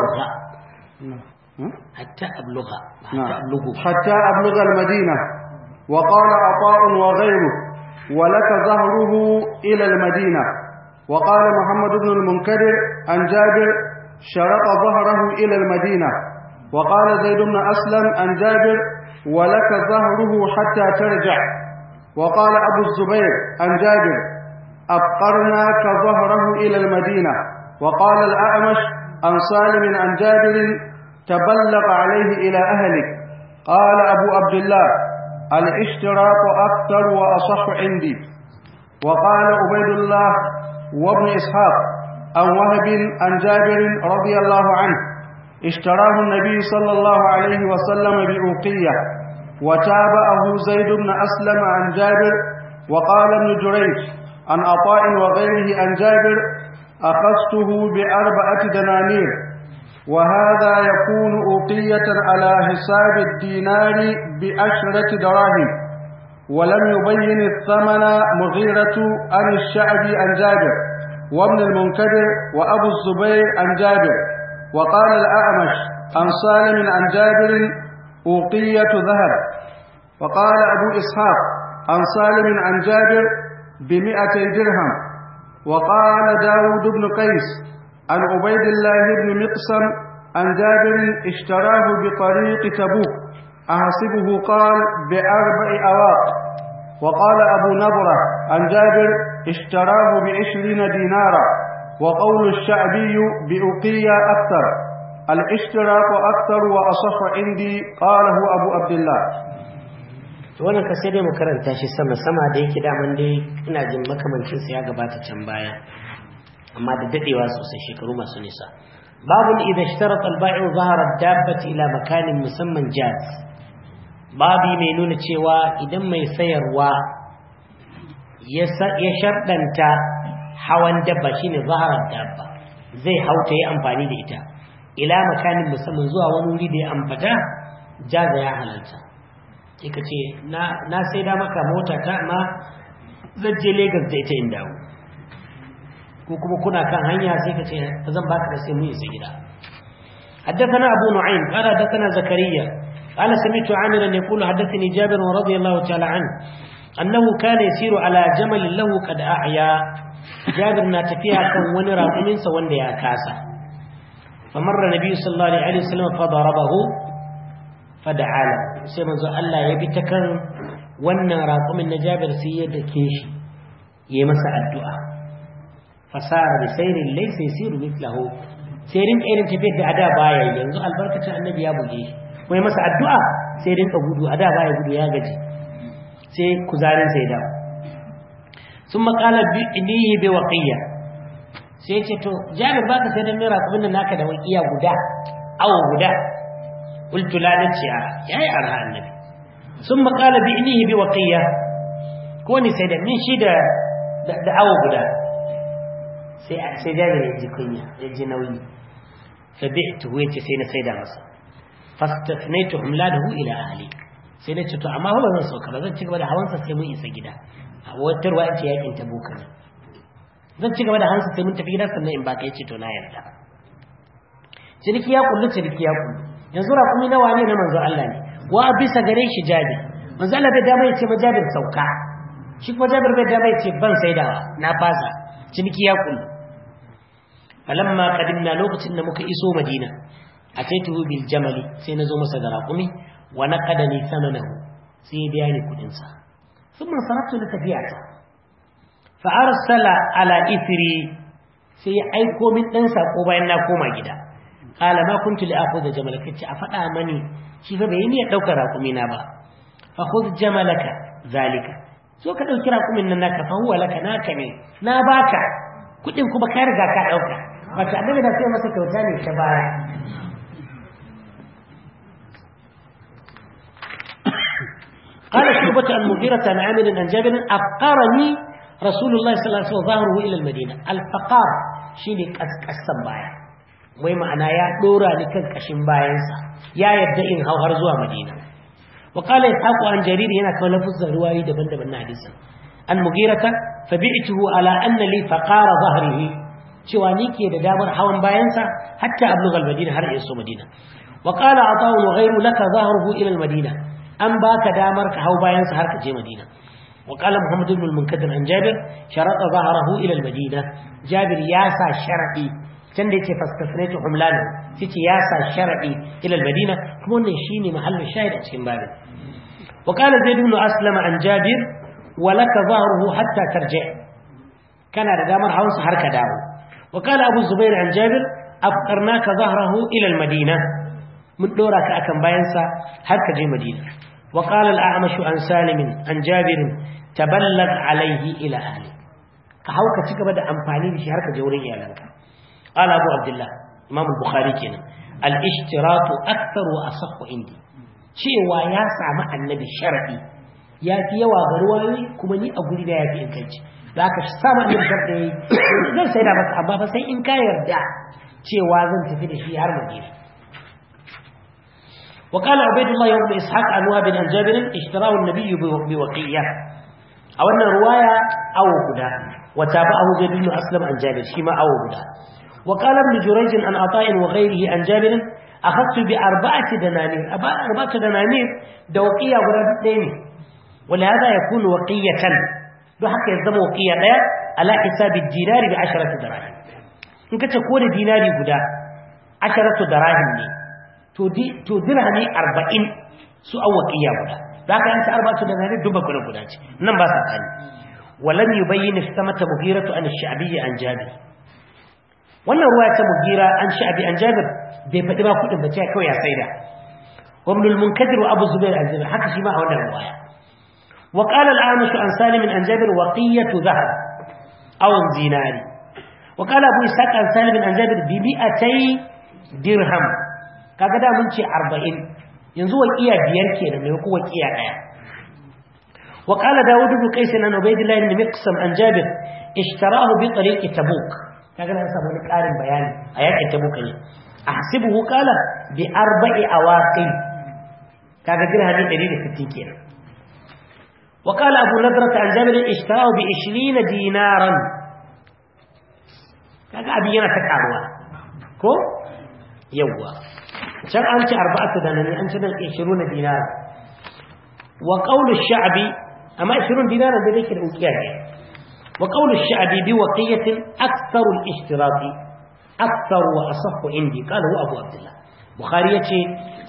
حتى أبلغها حتى نعم. أبلغ حتى أبلغ المدينة وقال عطاء وغيره ولك ظهره إلى المدينة وقال محمد بن المنكر عن جابر شرق ظهره إلى المدينة وقال زيد بن أسلم أن جابر ولك ظهره حتى ترجع وقال أبو الزبير أن جابر أبقرنا كظهره إلى المدينة وقال الأعمش أن سالم أن جابر تبلغ عليه إلى أهلك قال أبو عبد الله الاشتراك أكثر وأصح عندي وقال عبيد الله وابن إسحاق أو وهب عن جابر رضي الله عنه اشتراه النبي صلى الله عليه وسلم بأوقية وتابعه زيد بن أسلم عن جابر وقال ابن جريج عن عطاء وغيره عن جابر أخذته بأربعة دنانير وهذا يكون أوقية على حساب الدينار بأشرة دراهم ولم يبين الثمن مغيرة عن الشعبي عن جابر وابن المنكدر وأبو الزبير عن جابر وقال الأعمش عن سالم عن جابر أوقية ذهب وقال أبو إسحاق عن سالم عن جابر بمئتي درهم وقال داود بن قيس عن عبيد الله بن مقسم عن جابر اشتراه بطريق تبوك أحسبه قال بأربع أواق وقال أبو نضرة عن جابر اشتراه بعشرين دينارا وقول الشعبي بأقية أكثر الاشتراك أكثر وأصح عندي قاله أبو عبد الله wannan ka sai dai mu karanta shi sama sama da yake daman dai ina jin makamancin sa ya gabata can baya amma da dadewa sosai shekaru masu nisa babu idan ishtarata al-bai'u zahara dabbati ila makanin musamman jaz babi mai nuna cewa idan mai sayarwa ya shaɗanta hawan dabba shine zaharar dabba zai hauta yi amfani da ita ila makamin musamman zuwa wani wuri da ya ambata jaza ya halarta ika ce na sai da maka mota ta ma zan je Legas da ita inda dawo ko kuma kuna kan hanya sai ka ce zan baka da sai mu yi gida حدثنا أبو نعيم قال حدثنا Zakariya. قال سمعت عامرا يقول حدثني جابر رضي الله تعالى عنه أنه كان يسير على جمل له قد أعيا جابر ناتفيها كان ونرى أمنسا ونديها كاسا فمر النبي صلى الله عليه وسلم فضربه فدعا له سيما زو الله يبتكن ونرى أمن جابر سيد كيشي يمسى الدعاء fasara da sairin laisa yasiru mithlahu sairin irin tafiyar da ada baya yanzu albarkacin annabi ya buge shi yi masa addu'a sai rinka gudu a da ya gudu ya gaji sai kuzarin sai da sun makala bi bai waƙiyya sai ce to ba ka sai don mera kuma naka da waƙiyya guda awa guda ultula na ciya ya yi arha annabi sun makala bi nihi bai waƙiyya ko ne sai da min shi da awa guda sai jami'ar ya ji kunya ya ji nauyi fa bi tuwe ce sai na sai da masa fastafnaytuhum ladahu ila ahli sai nace to amma ba zan sauka ba zan ci gaba da hawansa sai mun isa gida a wutar wa ce yakin tabuka zan ci gaba da hansa sai mun tafi gida sannan in ba kai ce to na yarda ciniki ya kullu ciniki ya kullu yanzu ra kuma nawa ne na manzo Allah ne wa bisa gare shi jabi manzo Allah bai dama yace ba jabir sauka shi kuma jabir bai dama yace ban saidawa na fasa ciniki ya kullu falamma qadimna lokacin da muka iso madina ataituhu bil jamali sai nazo masa da raƙumi wa naqadani samanahu sai ya biya ni kudin sa thumma saraftu li tafiyata fa arsala ala ithri sai ya aiko min dan sako bayan na koma gida qala ma kuntu li akhudha jamalaka ce a fada mani shi fa bai ni ya dauka raƙumi na ba fa khudh jamalaka zalika so ka dauki raƙumin nan naka fa huwa laka naka ne na baka kudin kuma ka riga ka dauka wato annabi da sai masa kyauta ne ta baya قال شعبة عن مغيرة عن عامر عن جابر أفقرني رسول الله صلى الله عليه وسلم ظهره إلى المدينة الفقار شيني كسم بايا mai ma'ana ya dora ni kan kashin bayansa ya yarda in hau har zuwa madina wa qala ishaqu an jarir yana kawo lafuzan ruwayi daban-daban na hadisin an mugirata fabi'tuhu ala anna li faqara dhahrihi cewa ni ke da damar hawan bayansa hatta ablugha al-madina har iso madina wa qala ata'u wa ghayru laka dhahruhu ila al-madina an baka damar ka hau bayan su har ka je madina وقال محمد بن المنكدر عن جابر شرط ظهره إلى المدينة جابر ياسا شرعي can da yake fastasnaitu humlanu yace ya sa shar'i ila almadina kuma wannan shine mahallin shahid a cikin babin wa qala zaid ibn aslam an jabir wa lak dhahruhu hatta tarji kana da damar hawan su har ka dawo wa qala abu zubair an jabir afqarnaka dhahrahu ila almadina mun dora ka akan bayan har ka je madina وقال الأعمش عن سالم عن جابر تبلغ عليه إلى أهله كحوك تكبد أمفاني بشهرك جورية لك قال أبو عبد الله إمام البخاري كنا الاشتراط أكثر وأصح عندي شيء وياسع مع النبي الشرعي ya fi yawa ga ruwayoyi kuma ni a guri da ya fi inganci da aka sama ɗin sharɗa ya yi zan sai da masu amma fa sai in ka yarda cewa zan tafi da shi har madina وقال عبيد الله بن إسحاق عن وهب عن جابر اشتراه النبي بوقية أو أن الرواية أو قدا وتابعه جبريل أسلم عن جابر شيما أو قدا وقال ابن جريج عن عطاء وغيره عن جابر أخذت بأربعة دنانير أربعة دنانير دوقية غراب الثاني ولهذا يكون وقية بحق يزدم وقية على حساب الدينار بعشرة دراهم إن تكون ديناري قدا عشرة دراهم لي to dirhami arba'in su ya guda da aka yanta arba su da zane duba guda guda ce nan ba sa tsani walam yi bayyana su mata muhiratu an sha'abiyya an jabi wannan ruwa ta mugira an sha'abi an jabi bai faɗi ba kuɗin ba ce kawai ya saida wamnul munkadir wa abu zubair a jabir haka shi ma a wannan ruwaya wa qala al-amish an salim an jabir waqiyatu dhahab aw zinari وقال أبو إسحاق عن سالم بن أنزابر بمئتي dirham. kaga da mun ce 40 yanzu waqiya biyar kenan mai kuma waqiya daya wa qala daud ibn qais an ubaydillah ibn miqsam an jabir ishtarahu bi tariqi tabuk kaga nan samu wani karin bayani a yakin tabuk ne ahsibuhu qala bi arba'i awaqi kaga dirhami 160 kenan wa qala abu nadrat an jabir ishtarahu bi 20 dinaran kaga abin yana ta karuwa ko yawwa can an ci arba'atu danani an ci nan 20 dinar wa qawlu ash-sha'bi amma 20 dinar da yake da ukiya ne wa qawlu ash-sha'bi bi waqiyatin aktharu al-ishtirati aktharu wa asahhu indi qala hu abu abdullah bukhari ya ce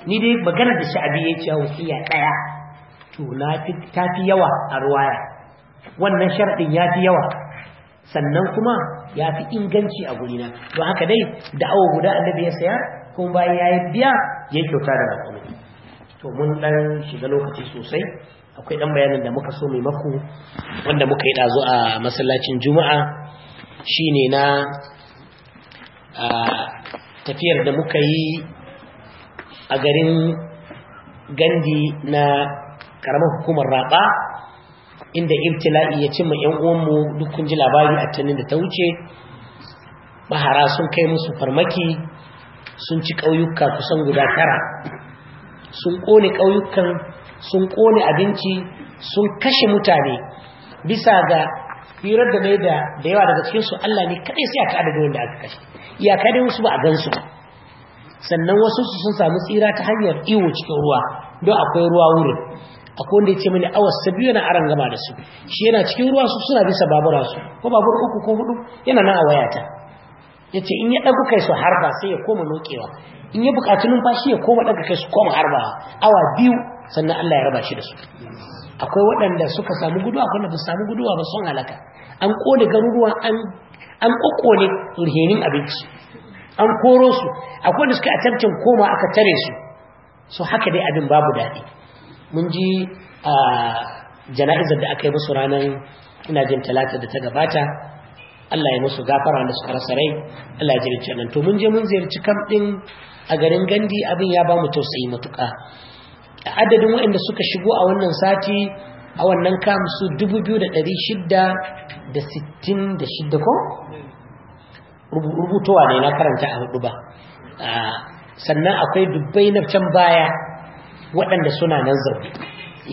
ni dai magana da sha'bi yace wasiya daya to na fi tafi yawa a ruwaya wannan sharadin yafi yawa sannan kuma yafi inganci a gurina don haka dai da awo guda annabi ya sayar ko bayan ya yi biya ya kyauta da rakumi to mun ɗan shiga lokaci sosai akwai ɗan bayanin da muka so mai maku wanda muka yi ɗazu a masallacin juma'a shine na tafiyar da muka yi a garin gandi na karamar hukumar raba inda ibtila'i ya cimma yan uwanmu dukkan ji labari a tannin da ta wuce bahara sun kai musu farmaki sun ci ƙauyuka kusan guda tara sun ƙone ƙauyukan sun ƙone abinci sun kashe mutane bisa ga firar da mai da yawa daga cikinsu Allah ne kaɗai sai aka adadin wanda aka kashe iyaka dai wasu ba a gansu ba sannan wasu su sun samu tsira ta hanyar iwo cikin ruwa don akwai ruwa wurin akwai wanda ya ce mini awas ta biyu yana aran gama da su shi yana cikin ruwa su suna bisa babura su ko babur uku ko hudu yana nan a wayata ya ce in ya ɗagu kai su harba sai ya koma nokewa in ya bukatu numfashi ya koma ɗaga kai su koma harba awa biyu sannan Allah ya raba shi da su akwai waɗanda suka samu guduwa akwai waɗanda samu guduwa ba sun halaka an ƙone garuruwa an ƙoƙone rihenin abinci an koro su akwai da suka attempting koma aka tare su so haka dai abin babu daɗi mun ji a ah, jana'izar da aka yi musu ranar ina jin talata da ta gabata Allah ya musu gafara da suka rasa rai Allah ya jirce nan to mun je mun ziyarci kam din a garin Gandi abin ya ba mu tausayi matuƙa adadin waɗanda suka shigo a wannan sati a wannan kam su 2666 ko rubutowa ne na karanta a hudu ba sannan akwai dubbai na can baya waɗanda suna nan zaune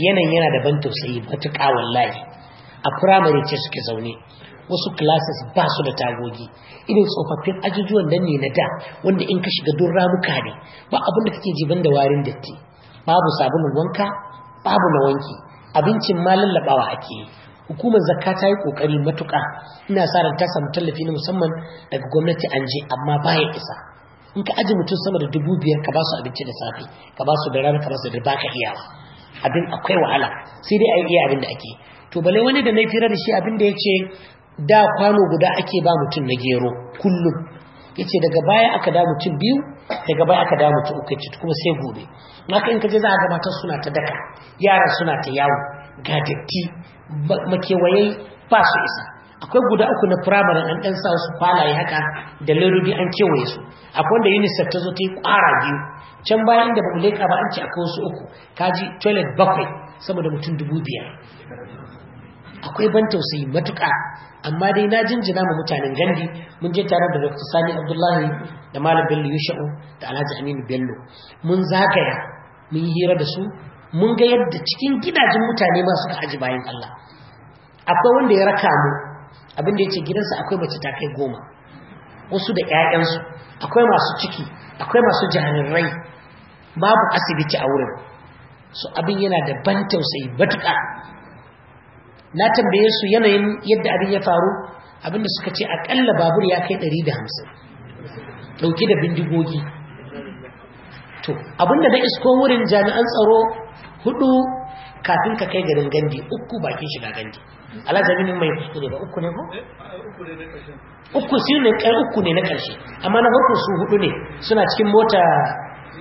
yanayin yana da ban tausayi matuƙa wallahi a firamare ce suke zaune wasu classes ba su da tagogi irin tsofaffin ajujuwan nan ne na da wanda in ka shiga don ramuka ne ba abin da kake jiban da warin datti babu sabulun wanka babu na wanki abincin ma lallabawa ake yi hukumar zakka ta yi kokari matuka ina sa ran ta samu tallafi na musamman daga gwamnati an je amma baya isa in ka aji mutum sama da dubu biyar ka ba su abinci da safe ka ba su da rana ka ba su da baka iyawa abin akwai wahala sai dai a yi iya abin da ake to balai wani da na fira da shi abin da ya ce da kwano guda ake ba mutum na gero kullum Ya ce daga baya aka da mutum biyu daga baya aka da mutum uku ce kuma sai gobe maka in kaje za a ga matan suna ta daka yaran suna ta yawo ga datti makewaye ba su isa akwai guda uku na firamare an ɗan sa su yi haka da larubi an kewaye su akwai wanda unicef ta zo ta yi ƙwara biyu can bayan da ba mu leka ba an ce akwai wasu uku kaji toilet bakwai saboda mutum dubu biyar akwai ban tausayi matuƙa amma dai na jinjina ma mutanen gandi mun je tare da dr sani abdullahi da malam bello yusha'u da alhaji aminu bello mun zagaya mun yi hira da su mun ga yadda cikin gidajen mutane ma suka aji bayan allah akwai wanda ya raka mu abin da ya ce gidansa akwai mace ta kai goma wasu da 'ya'yansu akwai masu ciki akwai masu jarirai babu asibiti a wurin su abin yana da ban tausayi matuƙa na tambaye su yanayin yadda abin ya faru abinda suka ce akalla babur ya kai 150 dauki da bindigogi to abinda na isko wurin jami'an tsaro hudu kafin ka kai garin gandi uku bakin shiga gandi ala zaminin mai kuskure ba uku ne ko uku su ne kai uku ne na karshe eh, amma na farko su hudu ne suna cikin mota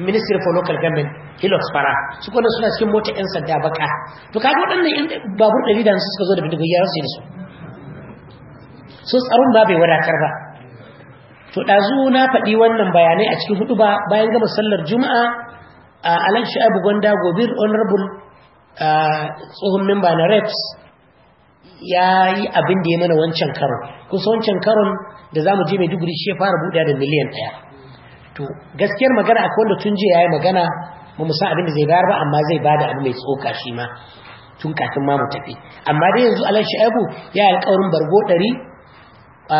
ministry for local government hilux fara su kuma suna cikin mota yan sanda baka to kaga waɗannan yan babur ɗari da suka zo da bindigogi ya rasu da su su tsaron ba bai wadatar ba to ɗazu na faɗi wannan bayanai a cikin hudu ba bayan gama sallar juma'a a alan shi'abu gwanda gobir honorable tsohon memba na reps ya yi abin da ya mana wancan karon kusa wancan karon da zamu je mai duguri shi ya fara buɗa da miliyan ɗaya to gaskiyar magana akwai wanda tun jiya ya yi magana ba mu san abin da zai bayar ba amma zai bada abin mai tsoka shi ma tun kafin ma mu tafi amma dai yanzu alal shaibu ya alƙawarin bargo ɗari a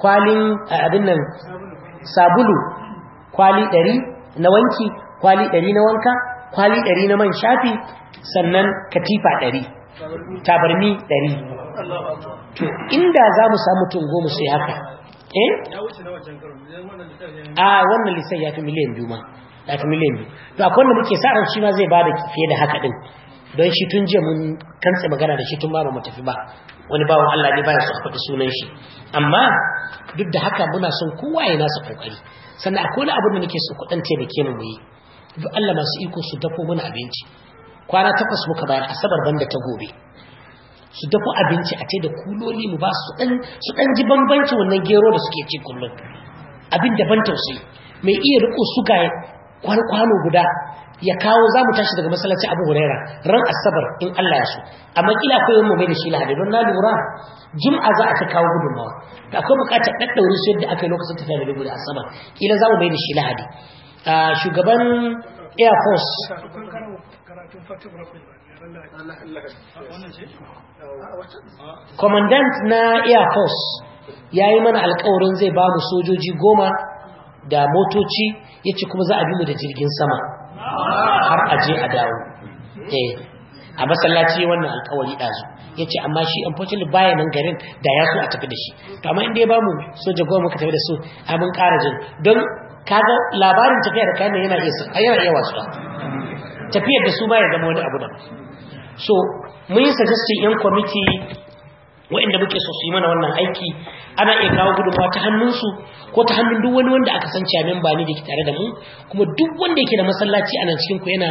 kwalin abin nan sabulu kwali ɗari na wanki kwali ɗari na wanka kwali ɗari na man shafi sannan katifa ɗari tabarmi ɗari to inda za mu samu tungo mu sai haka eh a wannan lissafi ya fi miliyan biyu da miliyan biyu to akwai wanda muke sa ran shi ma zai da fiye da haka din don shi tun jiya mun kantse magana da shi tun ba mu tafi ba wani bawan Allah ne baya faɗi sunan shi amma duk da haka muna son kowa ya nasa kokari sannan akwai wani abu da nake so kuɗin taimake mu yi duk Allah masu iko su dafo mana abinci kwana takwas muka bayar asabar banda ta gobe su dafo abinci a ce da kuloli mu ba su ɗan su dan ji bambanci wannan gero da suke ci kullum abin da ban tausayi mai iya riko suga kwano guda ya kawo za mu tashi daga masalacin abu huraira ran asabar in Allah ya so amma kila akwai wani mai da shi lahadi don na lura jum'a za a ta kawo gudunmawa da akwai bukatar ɗaɗɗaure su yadda aka yi lokacin tafiya da gudu asabar kila za mu mai da shi lahadi shugaban air force commandant na air force ya yi mana alkawarin zai ba mu sojoji goma da motoci ya ce kuma za a bi da jirgin sama har a je a dawo eh, a masallaci wannan alkawari ɗazu ya ce amma shi unfortunately baya nan garin da ya so a tafi da shi to amma inda ya ba mu soja goma ka tafi da su abin mun ƙara jin don kaga labarin tafiya da kayan yana iya iya wasu tafiyar da su ba ya zama wani abu da so mun yi suggestion yan kwamiti wa'inda muke so su yi mana wannan aiki ana iya kawo gudunmawa ta hannunsu ko ta hannun duk wani wanda aka san cewa memba ni da ke tare da mu kuma duk wanda yake da masallaci a nan cikin ku yana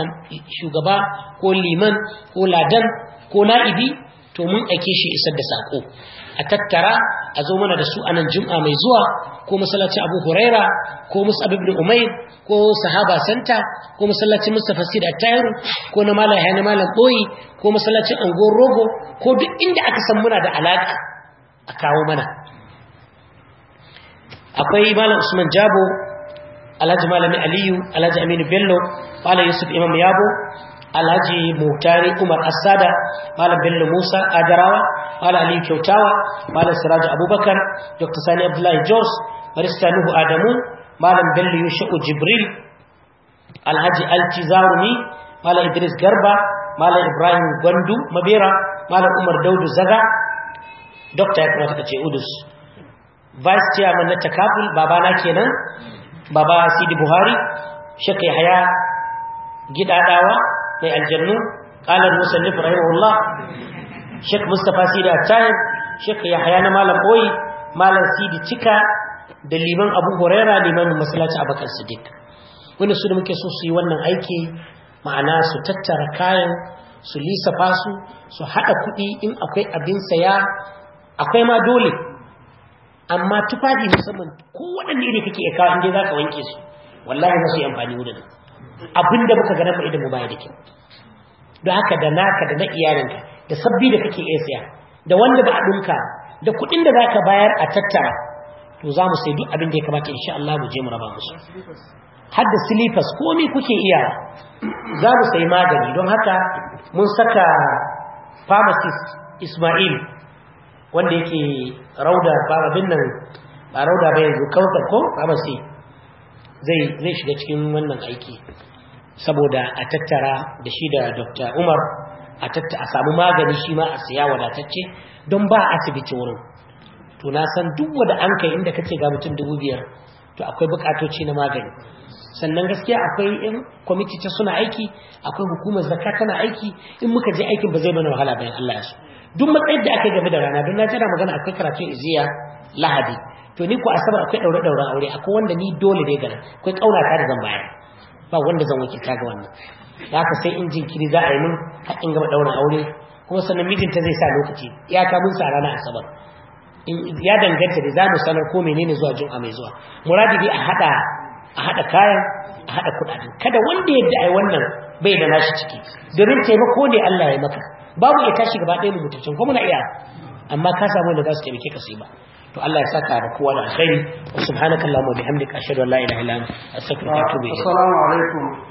shugaba ko liman ko ladan ko na'ibi to mun aike shi isar da sako a tattara a zo mana da su anan jum'a mai zuwa ko masallaci Abu Huraira ko Mus'ab ibn Umayr ko Sahaba Santa ko masallacin Mustafa Sid At-Tahir ko na Malam Hayani Malam Boyi ko masallacin Angor Rogo ko duk inda aka san muna da alaka a kawo mana akwai Malam Usman Jabo Alhaji Malami Aliyu Alhaji Aminu Bello Malam Yusuf Imam Yabo alhaji mutari umar assada malam bello musa adarawa malam Ali kyautawa malam siraju abubakar dr sani abdullahi jos barista nuhu adamu malam bello yushe'u jibril alhaji alti malam idris garba malam ibrahim gwandu mabera malam umar daudu zaga dokta ya kuma ce udus vice chairman na baba babana kenan baba sidi buhari shaka haya gidadawa mai aljannu qalan musannif rahimahullah Sheikh Mustafa Sidi Atayib Sheikh Yahya na Malam Boyi Malam Sidi Cika da liman Abu Huraira Liman masallaci Abubakar Dik. wanda su da muke so su yi wannan aiki ma'ana su tattara kayan su lissafa su su haɗa kuɗi in akwai abin saya akwai ma dole amma tufafi musamman ko waɗanne ne kake iya kawo inda za ka wanke su wallahi za su yi amfani wurin Abin da muka ga na mu baya da don haka da naka da na iyalinka da sabbi da kake iya siya da wanda ba a ɗinka da kuɗin da za ka bayar a tattara to za mu sai duk abin da ya kamata insha Allah mu je mu raba musu har da silifas komai kuke iya za mu sai magani don haka mun saka pharmacist Ismail wanda yake rauda farabin nan ba rauda ba yanzu kawai ko pharmacy zai shiga cikin wannan aiki saboda a tattara da shi da dr umar a samu magani shi ma a siya wadatacce don ba asibiti wurin to na san duk wanda an kai inda kace ga mutum dubu biyar to akwai bukatoci na magani sannan gaskiya akwai in kwamiti ta suna aiki akwai hukumar zakka tana aiki in muka je aikin ba zai mana wahala bayan Allah ya so duk matsayin da aka game da rana don na jira magana akwai karatun iziya lahadi to ni ko asabar akwai ɗaure daure aure akwai wanda ni dole ne gara, akwai ƙaunata da zan bayar ba wanda zan ta ga wannan da haka sai injin kiri za a yi min haƙin gama ɗaurin aure kuma sannan ta zai sa lokaci ya kamun sa ranar asabar ya danganta da za mu sanar ko menene zuwa jum'a mai zuwa muradi dai a haɗa a haɗa kayan a haɗa kuɗaɗen kada wanda yadda a yi wannan bai da nashi ciki domin taimako ne Allah ya maka babu iya tashi gaba ɗaya mutuncin ko muna iya amma ka samu da za su taimake ka sai ba to Allah ya saka da kowa da alkhairi subhanakallahumma bihamdika ashhadu an la ilaha illa anta astaghfiruka wa atubu ilayk assalamu alaikum